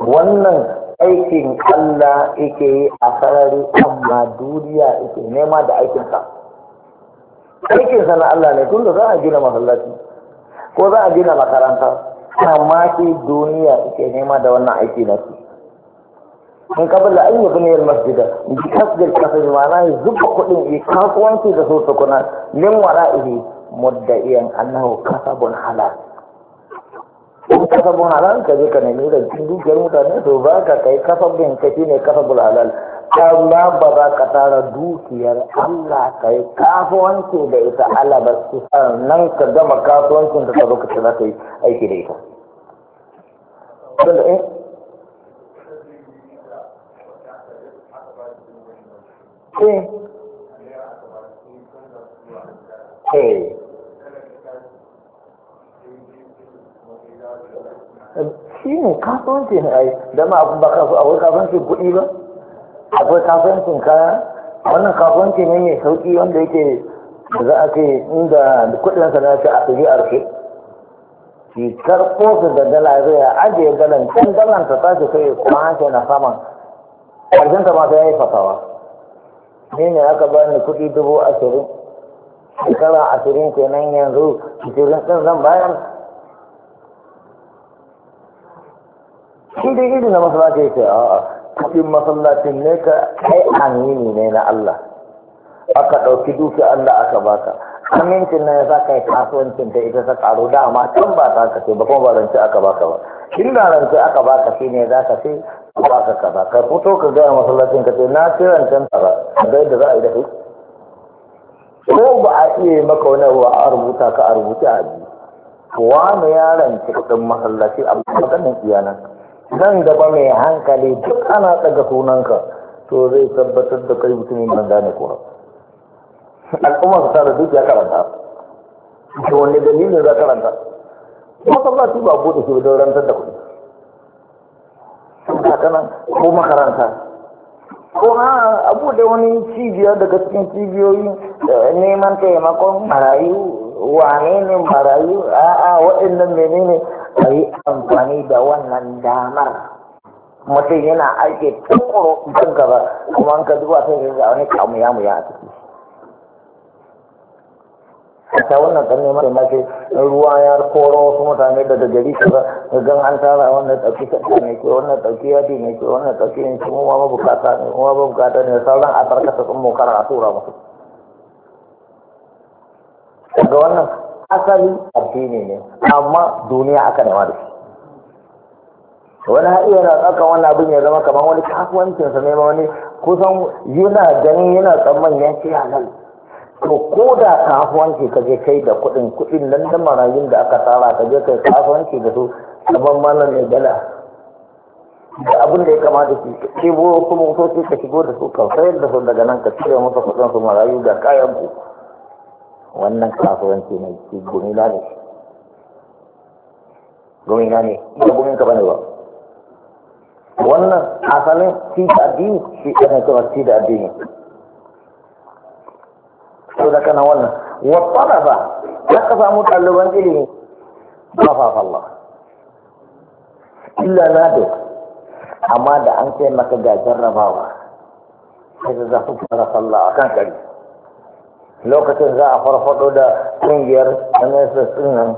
wannan aikin Allah yake yi a sarari amma duniya yake nema da aikinsa aikinsa na Allah ne tun da za a gina masallaci ko za a gina makaranta amma ke duniya yake nema da wannan aiki na su in ka bala an yi buniyar masjida bi kasgir kasar mana yi zuba kuɗin yi kasuwanci da su tukuna min wara'ihi mudda iyan annahu kasabun halal in ka bun halal ka je ka nemi rancin dukiyar mutane to ba ka kai kafa bin ka shine kafa bul halal amma ba za ka tara dukiyar Allah ka yi kasuwanci da ita Allah ba su nan ka gama kasuwancin ka zo ka ce za ka yi aiki da ita. Eh. Eh. eh. shi ne kasuwanci ne ai dama abin ba kasu akwai kasuwanci kuɗi ba akwai kasuwancin kaya wannan kasuwanci ne mai sauƙi wanda yake za a ce inda kuɗinsa na ce a tafi a rufe shi karɓo su da dala zai a ajiye dalan can dalan ta tashi sai kuma hanci na saman ƙarshen ta ma ya yi fasawa ni ne aka bani kuɗi dubu ashirin shekara ashirin kenan yanzu ashirin ɗin zan bayar shi dai irin na masallaci yake a kuɗin masallacin ne ka kai amini ne na Allah aka ɗauki duki Allah aka baka amincin nan ya sa kai kasuwancin ta ita ta karo dama can ba ta kace ba kuma ba rance aka baka ba da rance aka baka shi ne za ka ce ba ka kaza ka fito ka gaya masallacin ka ce na ce rancen ta ba ga yadda za a yi da kai ko ba a iya maka wani abu a rubuta ka a rubuta a biyu wani ya rance masallaci a maganin iyalanka nan gaba mai hankali duk ana tsaga sunanka to zai tabbatar da kai mutumin banda ne kuwa al'umma su da duk ya karanta to wani dalilin za karanta masallaci ba bude shi don rantar da kuɗi hakanan ko makaranta ko ha abu da wani cibiyar daga cikin cibiyoyi eh, neman taimakon marayu wane ne marayu a'a waɗannan menene a yi amfani da wannan damar mutum yana aiki tukuru don gaba kuma an ka duba sai ya ga wani kamu ya mu ya a ciki ta wannan kan neman da mace ruwa ya koro wasu mutane daga gari su gan an tara wannan ɗauki kaɗa mai ke wannan ɗauki ya mai ke wannan ɗauki yin shi muwa mabukata ne muwa mabukata ne sauran a farkata sun mokara a tura musu daga wannan asali addini ne amma duniya aka nema da shi wani har iya na wani abin ya zama kamar wani kasuwancinsa ne wani kusan yana ganin yana tsamman ya ce halal to ko da kasuwanci ka je kai da kuɗin kuɗin nan da marayun da aka tsara ka je kai kasuwanci da su kaman malam ne gala da abin da ya kamata ki kebo kuma motoci ka shigo da su ka sayar da su daga nan ka cire musu kuɗin su marayu da kayan ku wannan kasuwanci mai shi gumila ne gumila ne ba gumin ka bane ba wannan asalin ci da addini shi ana kuma shi da addini to da kana wannan ba ya ka samu ɗaliban ilimi ba fa Allah illa na da amma da an sai maka ga jarrabawa sai da za su fara sallah kan kari lokacin za a farfado da kungiyar MSS din nan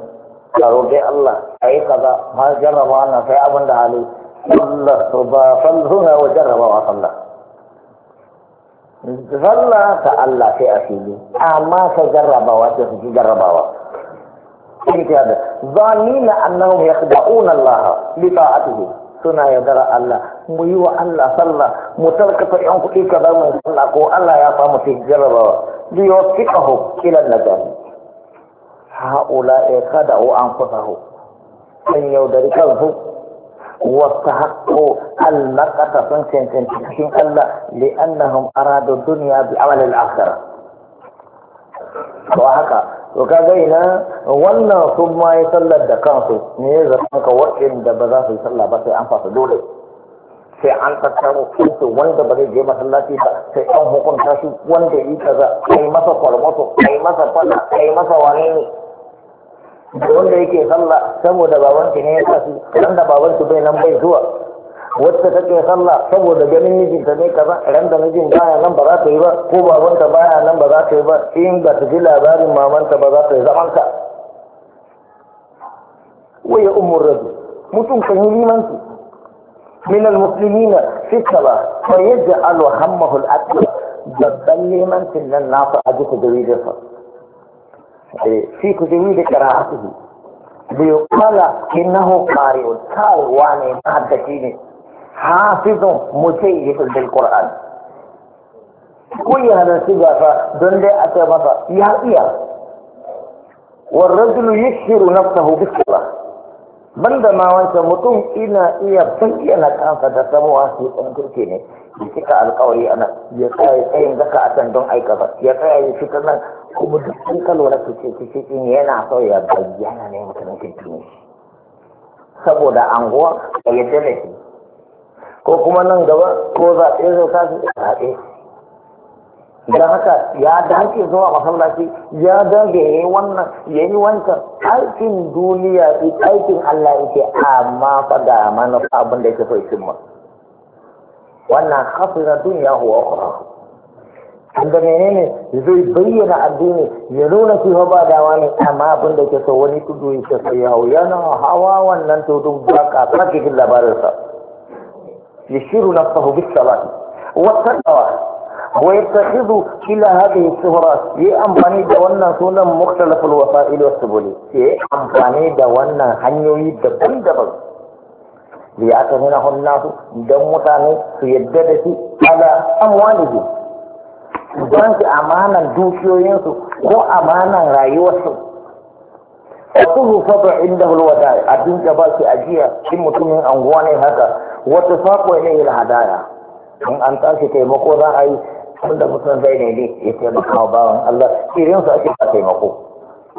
a roƙe Allah a yi kaza ma jarraba na sai abin da hali Allah su ba falhuna wa jarrabawa sallah zalla ta Allah sai a fili amma sai jarrabawa sai su ci jarrabawa اجتهاد ظانين انهم يخدعون الله بطاعته سنا يدرى الله ميو الله صلى متركة ينقل كذا من صلى الله يا فامو fi الجربة ليوفقه إلى النجاح هؤلاء خدعوا أنفسهم أن يودر كذب واستحقوا المقت سنسن سنسن الله لأنهم أرادوا الدنيا بعمل الآخرة وهكذا وكذا هنا wannan sun ma yi sallar da kansu ne ya zama ka waɗanda ba za su yi sallah ba sai an fasa dole sai an tattaro kunce wanda ba zai je masallaci ba sai an hukunta shi wanda yi kaza kai masa kwarmato kai masa fada kai masa wane ne da wanda yake sallah saboda babanki ne ya sa shi ran da babanki bai nan bai zuwa wacce take sallah saboda ganin mijinta ne kaza ran da mijin baya nan ba za ta yi ba ko babanta baya nan ba za ta yi ba in ba ta ji labarin mamanta ba za ta yi zamanta waya umur rajul mutum kan yi limanci من المسلمين في السماء فيجعل همه الاكل جبل من يعني في النافع ادوك دويد في كدويد كراهته ليقال انه قارئ كاروان بعد حافظ مجيد بالقران كل هذا السبب فدندي اتى والرجل يشهر نفسه بالصلاة banda ma wancan mutum ina iya bayyana kansa da samuwa su ɗan kirki ne da cika alkawari a ya tsaye tsayin zaka a can don aikata ya tsaye ya fita nan kuma duk an kalora su ce cikin yana so ya bayyana ne mutumin kirki ne saboda anguwa a yadda da ko kuma nan gaba ko zaɓe zai tashi zaɓe da haka ya dace zuwa masallaci ya dage ya yi wannan ya yi wancan aikin duniya aikin Allah yake amma fa ga mana abin da yake so ya cimma wannan hafira duniya huwa ukhra inda menene zai bayyana addini ya nuna cewa ba dawa ne amma abin da yake so wani tudu yake so ya hau yana hawa wannan tudun ba ka sake jin Ya yashiru na bis salati wa taqwa ويتخذ إلى هذه الشهرات هي أمفاني دوانا سونا مختلف الوسائل والسبل هي أمفاني دوانا هنيوي دبن دبن ليعتمنه الناس دم متاني سيددتي على أموالهم don su amanan dukiyoyinsu ko amanan rayuwarsu a kudu saba inda hulwata a dinka ba shi ajiya shi mutumin anguwa ne haka wata sako ne hadaya in an tashi taimako za a yi wanda mutum zai nemi ya taimaka wa bawan Allah irin su ake ba taimako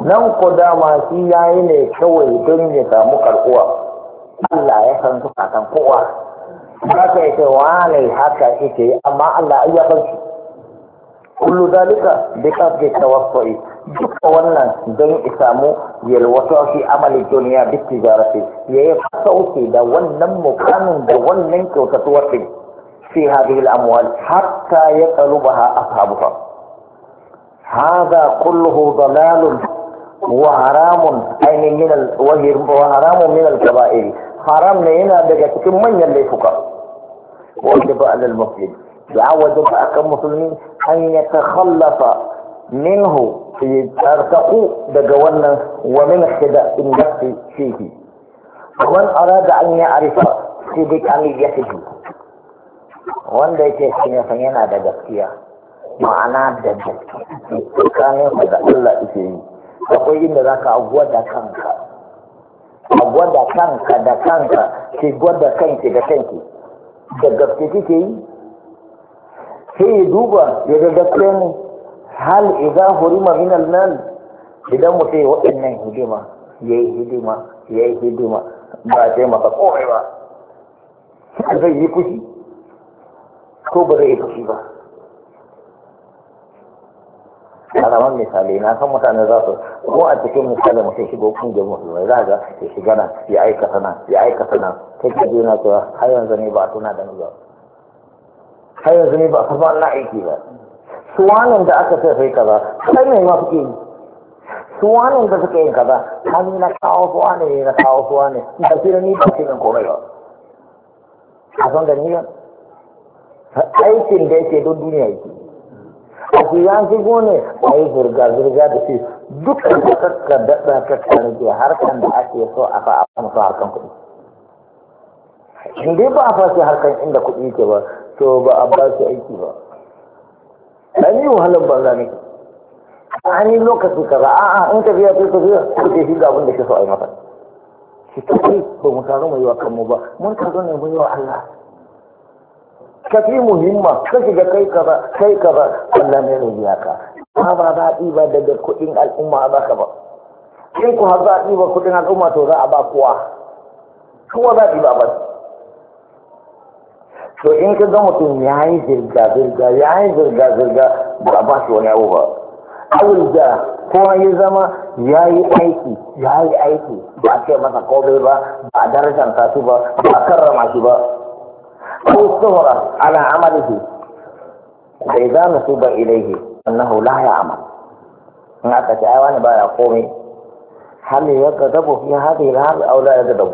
nan ko dama shi yi ne kawai don ya samu karkuwa Allah ya san kakan kowa haka yi ce wane haka yake amma Allah ya bar su kullu zalika bi qasdi tawaffui duka wannan don samu yalwato shi amali duniya bi tijarati yayi sauke da wannan mukamin da wannan kyautatuwar din في هذه الأموال حتى يطلبها أصحابها هذا كله ضلال وحرام أي من ال... وحرام من الكبائر حرام لنا بجاتك من يليفك وجب على المسلم يعود وجب المسلمين أن يتخلص منه يرتقوا بجوانا ومن خداء النفس فيه ومن أراد أن يعرف في بيت أميته wanda yake ne san yana da gaskiya ma'ana da gaskiya tsakanin da Allah yake yi akwai inda za ka gwada kanka a gwada kanka da kanka ki gwada kanki da kanki da gaske kike yi sai ya duba ya ga gaske ne hal idan hurima min almal idan mutum ya waɗannan hidima ya yi hidima ya yi hidima ba a taimaka komai ba zai yi kushi ko ba zai tafi ba karaman misali na san mutane za su ko a cikin misali mutum shigo kungiyar musulmai za ga ya shiga nan ya aikata nan ya aikata nan ta ke na cewa har yanzu ne ba a tuna da ni ba har yanzu ne ba a san na aiki ba suwanin da aka ce sai kaza sai mai ma suke yi suwanin da suke yin kaza hannu na kawo wane ne na kawo suwane da shi ni ba shi min komai ba a san da ni ba aikin da yake don duniya yake a shi ya shigo ne a yi zirga-zirga da shi dukkan da kakka daɗa kakka da ke harkar da ake so a fa a musu harkan kuɗi in dai ba a fashe harkar inda kuɗi ke ba to ba a ba su aiki ba an yi wahalar banza ne an yi lokaci ka kaza a'a in ka tafiya ta tafiya ko ke shiga abin da ke so a yi mafa shi ta ce ba mu taru mu yi wa kanmu ba mun taru ne mu yi wa Allah ka fi muhimma ka shiga kai kaza kai kaza Allah ne ne biya ka ba ba za a ba daga kuɗin al'umma ba ka ba in ku har za a ba kuɗin al'umma to za a ba kowa kowa za a ba ba to in ka ga mutum ya yi zirga-zirga ya yi zirga-zirga ba a ba shi wani abu ba da ko ya zama ya yi aiki ya yi aiki ba a ce masa kobe ba ba a darajanta su ba ba a karrama shi ba أو الصغرى على عمله فإذا نصب إليه أنه لا يعمل هناك تعاون بقى يقومي هل يغضب في هذه الحالة أو لا يغضب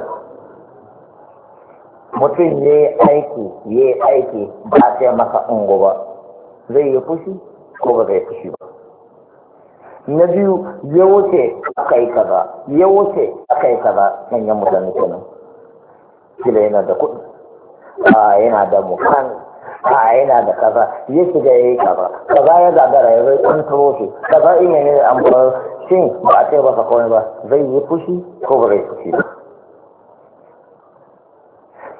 mutum ya yi aiki ya yi aiki ba sai maka ungo ba zai yi fushi ko ba zai fushi ba na biyu ya wuce aka yi kaza ya wuce aka yi kaza manyan mutane kenan kila yana da kuɗi a yana da mukan a yana da kaza ya shiga ya yi kaza kaza ya zagara ya zai an turo shi kaza in ne an bar shin ba a ce ba sa ba zai yi fushi ko ba zai fushi ba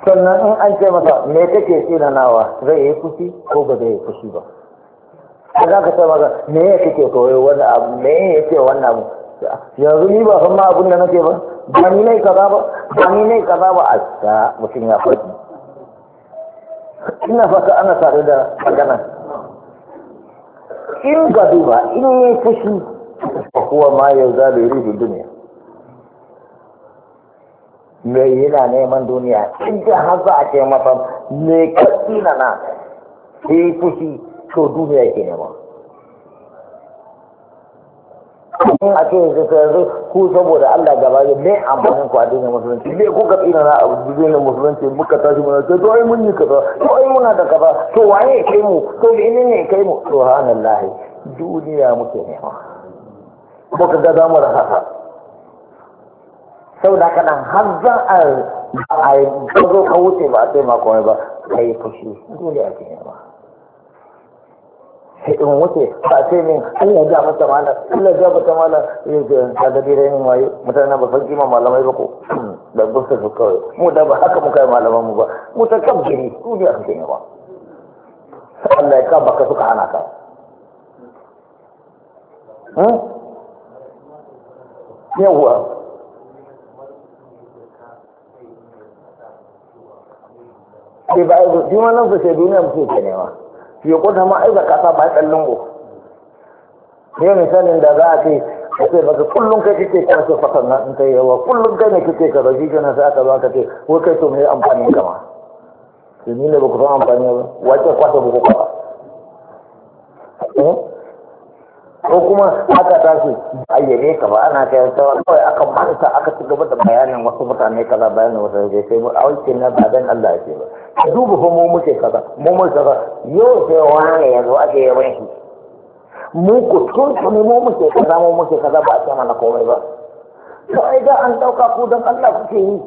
sannan in an ce masa me kake nawa, zai yi fushi ko ba zai yi fushi ba za ka ce masa me ya kake koyo wani abu me ya ce wannan abu yanzu ni ba san ma abin da nake ba ba ni nai kaza ba ba ni nai kaza ba a mutum ya faɗi ina fata ana tare da magana in ba duba in yi fushi ba kuwa ma yau za da yi duniya mai yana neman duniya in ji har za a ce masa me kasi na na yi fushi to duniya ke nema in a ce yanzu yanzu ku saboda Allah gaba ne ne amfanin ku addinin musulunci ne ku ka tsina na addinin musulunci muka tashi mun ce to ai mun yi kaza to ai muna da kaza to waye kai mu to ne ne kai mu subhanallahi duniya muke nema ka ga zamu rahata saboda haka nan har za a a zo ka wuce ba a taimaka komai ba kai fushi duniya ke ba in wuce ba ce min Allah ya mata malam Allah ya mata malam yin ce ka ga dai ne wayo mutane ba san kima malamai ba ko hmm, da gusta su kawai mu da ba haka muka yi malaman mu ba mu ta kabiri duniya kake ne ba Allah ya kaba ka suka hana ka hmm? yawwa Ibrahim, shi ma nan su ce duniya mutum ke nema. fiye ko ta ai kasa ta ba ɗan lungu ne misalin da za a ce a ce kullum kai kake karfe fasar nan in kai yawa kullum kai ne kike ka zaki kana sai aka zo aka ce ko kai to me amfanin kama to ni ne ba ku san amfani ba wace kwata ba ku kwata kuma aka tashi ayyane ka ba ana kai ta kawai aka manta aka ci gaba da bayanin wasu mutane kaza bayanin wasu sai sai mu auke na ba dan Allah ce ba ka duba fa mu muke kaza mu mu kaza yau sai wani ya zo ake yawan shi mu ku tun tuni mu muke kaza mu muke kaza ba a ce mana komai ba to ai da an dauka ku dan Allah kuke yi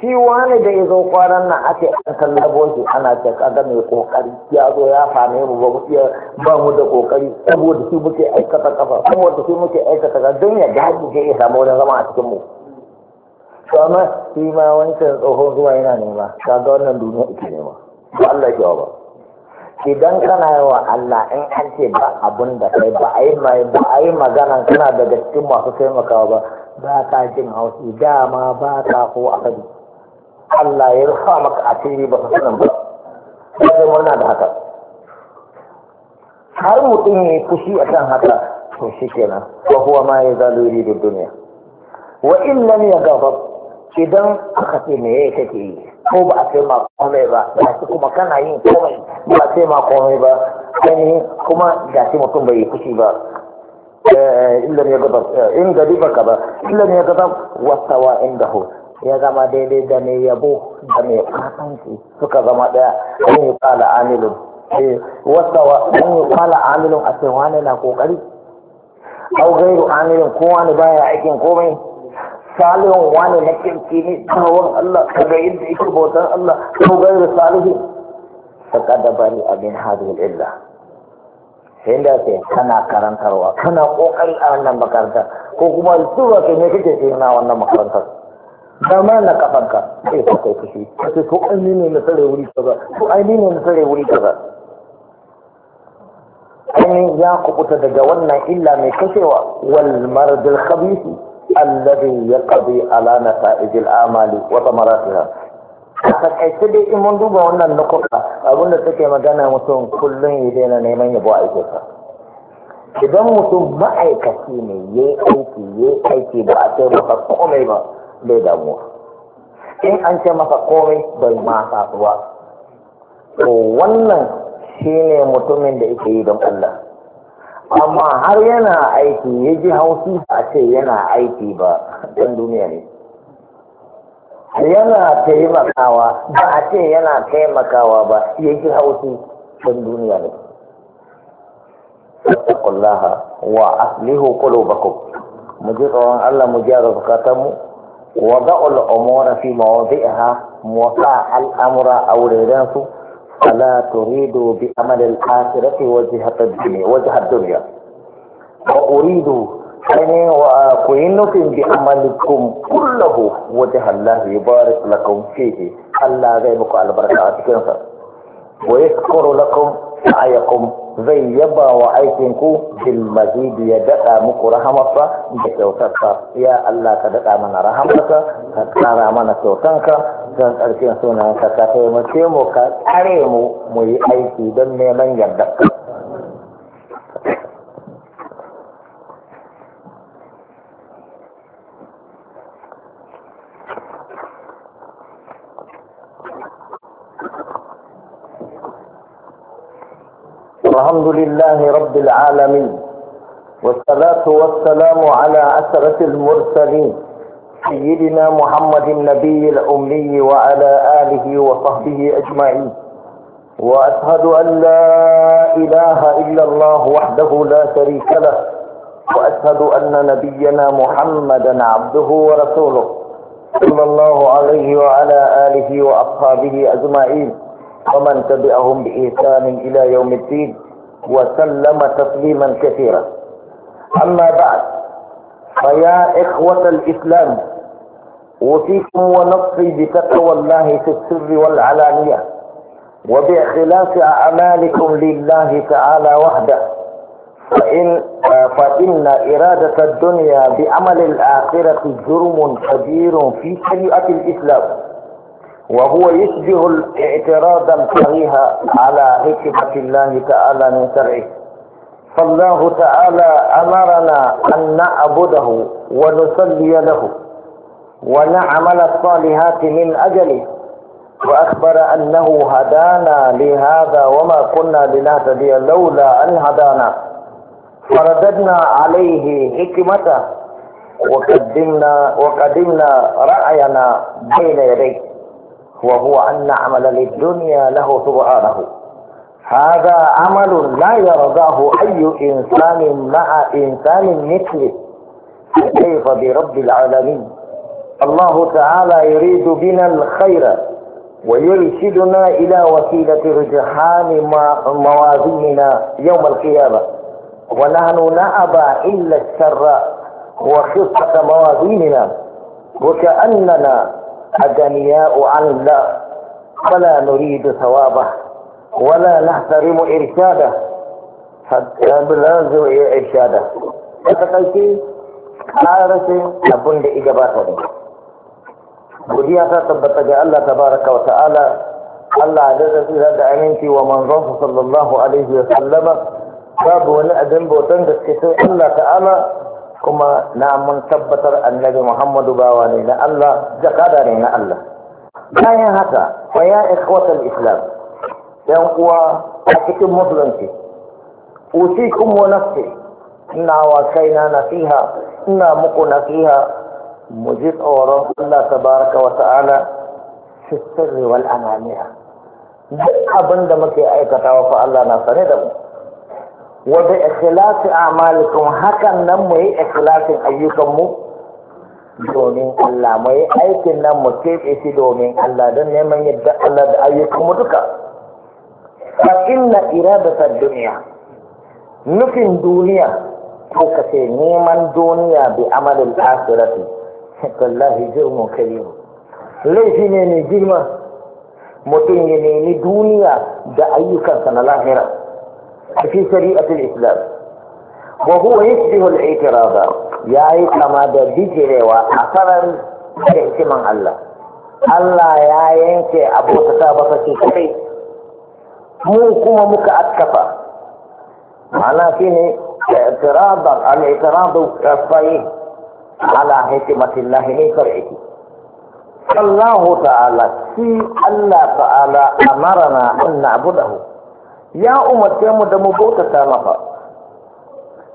shi wani da ya zo kwanan nan ake an kallabo shi ana ce kaga mai kokari ya zo ya same mu ba mu iya ba mu da kokari saboda shi muke aikata kafa saboda shi muke aikata kafa don ya gaji sai ya samu wani zama a cikin mu amma shi ma wancan tsohon zuwa yana nema kaga wannan duniya ake nema ba Allah ya ba idan kana yi wa Allah in an ce ba abun da kai ba a yi ba a yi magana kana daga cikin masu taimakawa ba ba ka jin haushi dama ba ka ko akadi Allah ya rufa maka asiri ba su sanin ba sai murna da haka har mutum ya kushi a kan haka to shi kenan wa huwa ma ya yi da duniya wa in lam yaghab idan aka ce me yake kake yi ko ba a ce ma komai ba ga shi kuma kana yin komai ba a ce ma komai ba ainihin kuma ga shi mutum bai yi kushi eh, eh, ba in lam yaghab in gadi baka ba in lam yaghab wa inda indahu ya zama daidai da mai yabo da mai kasance suka zama daya an yi kala amilun eh, wasa wa yi kala amilun a cewa wani na kokari au gairu amilun ko wani baya aikin komai salihun wani na kirki ne tsawon Allah daga yadda yake bautan Allah ko gairu salihin faqad bani abin hadhihi illa sai ce kana karantarwa kana kokari a wannan makarantar ko kuma zuwa ke ne kake sai na wannan makarantar dama na kafanka sai ka kai fushi sai ko an ne na tsare wuri kaza ko ai ne na tsare wuri kaza an ya kubuta daga wannan illa mai kashewa wal maradil khabith alladhi yaqdi ala nata'ijil amali wa thamaratiha a takaice dai in mun duba wannan na kuka abinda take magana mutum kullum ya daina neman yabo a aikinsa idan mutum ma'aikaci ne ya yi aiki ya yi aiki ba a sai ba komai ba bai damuwa in an ce masa komai bai ma sasuwa to wannan shine mutumin da yake yi don Allah amma har yana aiki ya ji haushi a ce yana aiki ba ɗan duniya ne yana taimakawa ba a ce yana taimakawa ba ya ji haushi ɗan duniya ne wa aslihu qulubakum mu ji tsawon Allah mu gyara zukatanmu وضع الأمور في مواضعها وضع الأمر أو ريرانس فلا تريد بأمل الآخرة وجهة الدنيا وجهة الدنيا وأريد أن وكينكم بأملكم كله وجه الله يبارك لكم فيه الله غيبك على البركات كنفر ويذكر لكم sa'ayakum zai yaba wa ku bil mazidi ya dada muku rahamarsa da kyautarsa ya Allah ka dada mana rahamarka ka tsara mana kyautanka don karfin sunan ka ka taimake mu ka tsare mu mu yi aiki don neman yardarka الحمد لله رب العالمين والصلاة والسلام على أسرة المرسلين سيدنا محمد النبي الأمي وعلى آله وصحبه أجمعين وأشهد أن لا إله إلا الله وحده لا شريك له وأشهد أن نبينا محمدا عبده ورسوله صلى الله عليه وعلى آله وأصحابه أجمعين ومن تبعهم بإحسان إلى يوم الدين وسلم تسليما كثيرا أما بعد فيا إخوة الإسلام أوصيكم ونفسي بتقوى الله في السر والعلانية وبإخلاص أعمالكم لله تعالى وحده فإن فإن إرادة الدنيا بعمل الآخرة جرم كبير في شريعة الإسلام وهو يشبه الاعتراض الكريه على حكمة الله تعالى من شرعه فالله تعالى أمرنا أن نعبده ونصلي له ونعمل الصالحات من أجله وأخبر أنه هدانا لهذا وما كنا لنهتدي لولا أن هدانا فرددنا عليه حكمته وقدمنا وقدمنا رأينا بين يديه وهو أن عمل للدنيا له سبحانه هذا عمل لا يرضاه أي إنسان مع إنسان مثله كيف برب العالمين الله تعالى يريد بنا الخير ويرشدنا إلى وسيلة رجحان موازيننا يوم القيامة ونحن نأبى إلا الشر وخصة موازيننا وكأننا أغنياء عن الله فلا نريد ثوابه ولا نحترم إرشاده حتى بلازو إرشاده فتقيتي قارسي أبند إجاباته godiya ta tabbatar da Allah tabaraka wa ta'ala Allah da zai da aminci wa manzon sallallahu alaihi wa sallama babu wani abin bautan gaske sai Allah kuma na mun tabbatar annabi Muhammadu bawa ne na Allah jakada ne na Allah bayan haka fa ya ikhwatal islam yan uwa a cikin musulunci usikum wa nafsi ina wa kaina nasiha ina muku nasiha mu ji tsoron Allah baraka wa ta'ala fi sirri wal ananiya duk abin da muke aikatawa fa Allah na sane da mu wa bi ikhlasi a'malikum hakan nan mu yi ikhlasin ayyukan mu domin Allah mu yi aikin nan mu keɓe shi domin Allah don neman yadda Allah da ayyukan mu duka fa inna iradata dunya nufin duniya ko kace neman duniya bi amalin akhirati wallahi jirmu karimu laifi ne ne girma mutum ya nemi duniya da ayyukansa na lahira في شريعة الإسلام وهو يشبه الاعتراض يا أي كما بجري وأثرا اهتمام الله Allah ya yanke abota ta baka ce kai mu kuma muka atkafa ma'ana shi ne i'tiradan al-i'tiradu sahih ala hikmatillahi min shar'ihi Allah ta'ala shi Allah ta'ala amarana ya umarce mu da mu bautata masa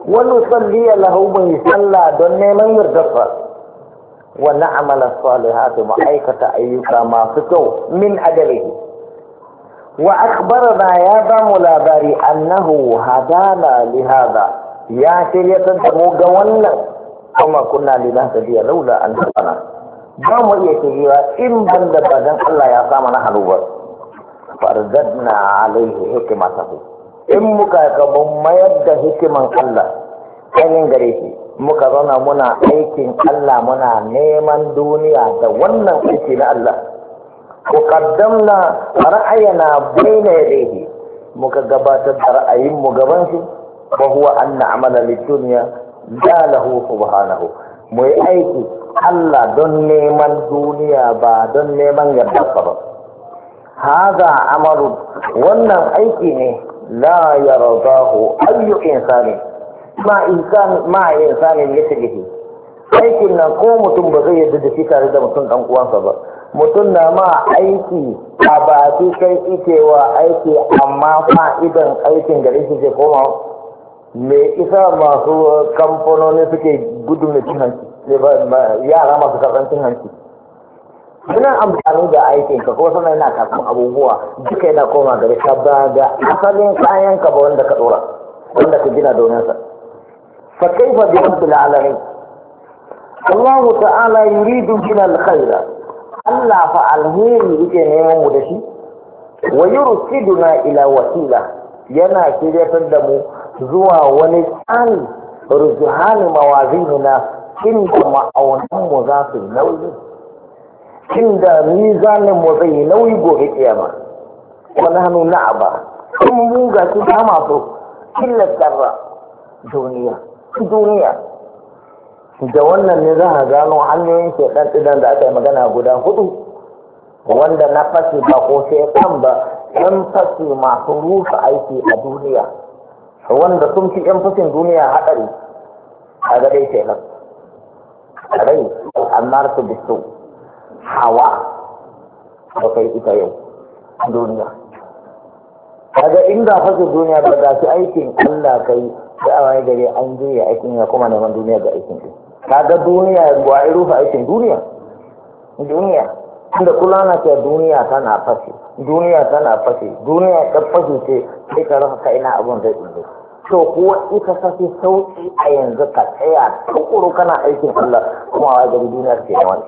wani salliya lahu mu yi sallah don neman yardarsa wa na'amala salihatu mu aikata ayyuka masu kyau min ajalihi wa akhbarana ya ba mu labari annahu hadana li lihada. ya shirya da mu ga wannan kuma kunna linahtadiya laula an hadana ba mu iya shirya in ban da dan Allah ya sa mana halubar farzadna alaihi hikimatahu in muka ga mun mayar da hikiman Allah kanin gare shi muka zauna muna aikin Allah muna neman duniya da wannan aiki na Allah ko kaddamna ra'ayana bayna yadayhi muka gabatar da ra'ayin mu gaban shi fa huwa an amala lidunya da lahu subhanahu mu yi aiki Allah don neman duniya ba don neman yarda ba haza amaru wannan aiki ne la yarzahu ayyu insani ma insani ma insani mislihi aikin nan ko mutum ba zai yarda da shi tare da mutum ɗan uwansa ba mutum na ma aiki a ba shi kai ikewa aiki amma fa'idan aikin gare shi ke koma me isa masu kamfanoni suke gudun da cin hanci yara masu karɓar cin hanci muna amfani da aikin ka ko sanar yana kafin abubuwa duka yana koma gare ka ba da asalin kayan ka ba wanda ka dora wanda ka gina domin sa fa kaifa bi rabbil alamin Allah ta'ala yuridu gina alkhaira Allah fa alheri yake neman mu da shi wa yursiduna ila Wakila yana shiryatar da mu zuwa wani tsani rujuhani mawazinuna inda ma'aunanmu za su nauyi da mizanin mu zai nauyi gobe kiyama wani hannu na aba sun mun ga su ta masu killatarra duniya duniya da wannan ne za a gano hanyoyin dan idan da aka yi magana guda hudu wanda na fashe ba ko kan ba yan fashe masu rufe aiki a duniya wanda sun fi yan fashin duniya haɗari a ke nan a rai al'amar su bisu hawa da kai ita yau duniya Daga inda fasin duniya da ga shi aikin Allah kai da wani gare an juya aikin ya kuma neman duniya da aikin ka. kaga duniya ba ai rufe aikin duniya duniya Inda kula na ce duniya tana fashe duniya tana fashe duniya ta fashe ce sai ka rasa ina abin zai ɗin to kuwa ita ta sauki sauƙi a yanzu ka tsaya ta tukuru kana aikin Allah kuma a gari duniya ke da wani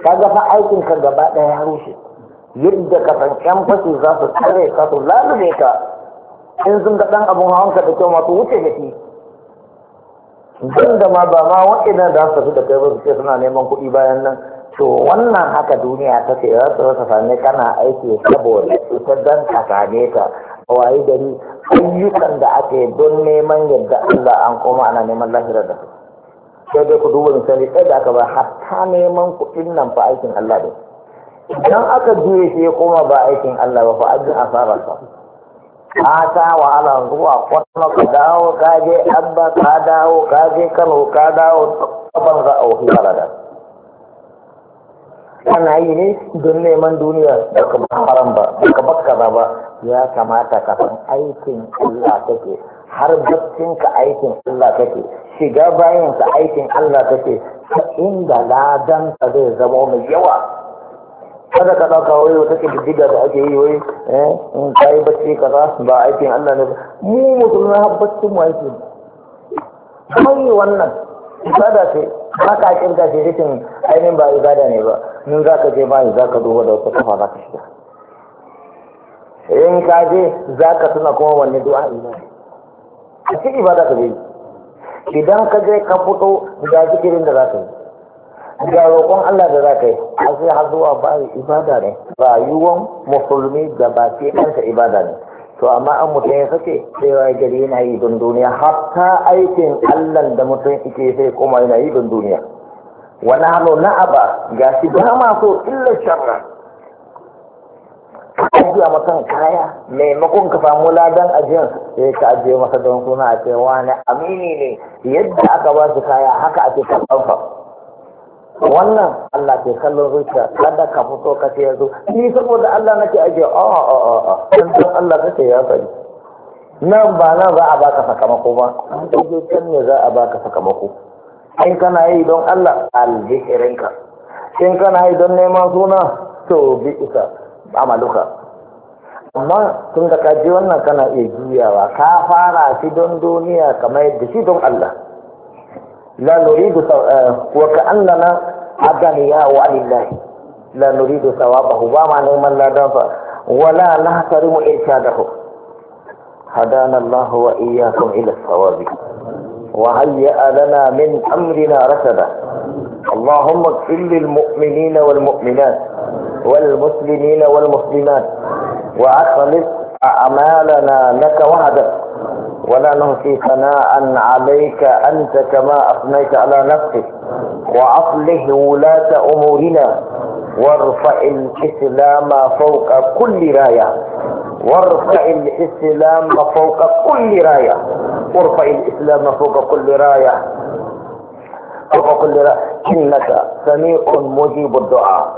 ka ga fa aikin ka gaba ɗaya ya rushe yadda ka san ƴan fashi za su tare ka su lalube ka in sun ga ɗan abun hawan ka da kyau masu wuce da shi don da ma ba ma waɗannan da su da kai ba su ce suna neman kuɗi bayan nan to wannan haka duniya ta ce za su rasa same kana aiki saboda ita don ka same ta a wayi gari ayyukan da ake don neman yadda Allah an koma ana neman lahirar da su sai dai ku duba misali ɗaya da aka ba hatta neman kuɗin nan fa aikin Allah ne idan aka juye shi ya ba aikin Allah ba fa ajin asararsa wa wahala zuwa kwano ka dawo ka je abba ka dawo ka je kano ka dawo ban za a wahi balada ana yi ne don neman duniya da kuma haram ba da ka ba ya kamata ka san aikin Allah take har ka aikin Allah take shiga bayan ka aikin Allah take ta inda ka zai zama mai yawa kada ka ɗauka wai wata diga da ake yi wai eh, in ka yi bacci kaza ba aikin Allah ne mu musulmi har baccin mu aiki mai wannan ibada ce ba ka kirga ce rikin ainihin ba ibada ne ba in za ka je bayi za ka duba da wata kafa za ka shiga in ka je za ka tuna kuma wanne du'a ne a cikin ibada ka yi idan ka je ka fito da zikirin da za ka yi ga roƙon Allah da za ka yi a sai har zuwa ba ibada ne rayuwan musulmi da ba ke ɗansa ibada ne to amma an mutum ya sake sai wa gari yana yi don duniya hatta aikin Allah da mutum yake sai kuma yana yi don duniya wani hannu na aba ga shi ba ma so illa sharra ajiya maka kaya maimakon ka samu ladan ajiyar sai ka ajiye masa don suna a ce wani amini ne yadda aka ba su kaya haka ake karɓar fa wannan Allah ke kallon zuciya kada ka fito ka ce yanzu ni saboda Allah nake ajiye a a a a dan Allah kake ya sani nan ba nan za a baka sakamako ba an je can ne za a baka sakamako in kana yi don Allah aljihirinka in kana yi don neman suna to bi isa amaluka amma tun da ka ji wannan kana iya juyawa ka fara shi don duniya kamar yadda shi don Allah la nuridu eh, wa ka annana aganiya wa lillahi la nuridu sawabahu ba ma neman ladansa wala nahtarimu irshadahu hadana Allah wa iyyakum ila sawabi wa hayya lana min amrina rashada اللهم اغفر للمؤمنين والمؤمنات والمسلمين والمسلمات وأخلص أعمالنا لك وحدك ولا نهفي ثناء عليك أنت كما أثنيت على نفسك وأصلح ولاة أمورنا وارفع الإسلام فوق كل راية وارفع الإسلام فوق كل راية وارفع الإسلام فوق كل راية له إنك سميع مجيب الدعاء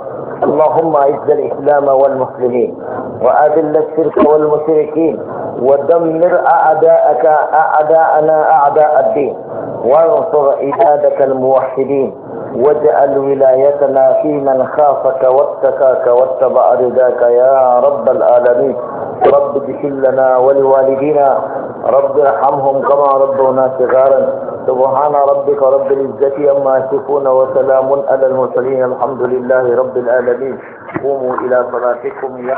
اللهم اعز الإسلام والمسلمين وأذل الشرك والمشركين ودمر أعداءك أعداءنا أعداء الدين وانصر عبادك الموحدين واجعل ولايتنا في من خافك واتقاك واتبع رضاك يا رب العالمين رب اغفر لنا ولوالدينا رب ارحمهم كما ربونا صغارا سبحان ربك رب العزة عما يصفون وسلام على المرسلين الحمد لله رب العالمين قوموا إلى صلاتكم يا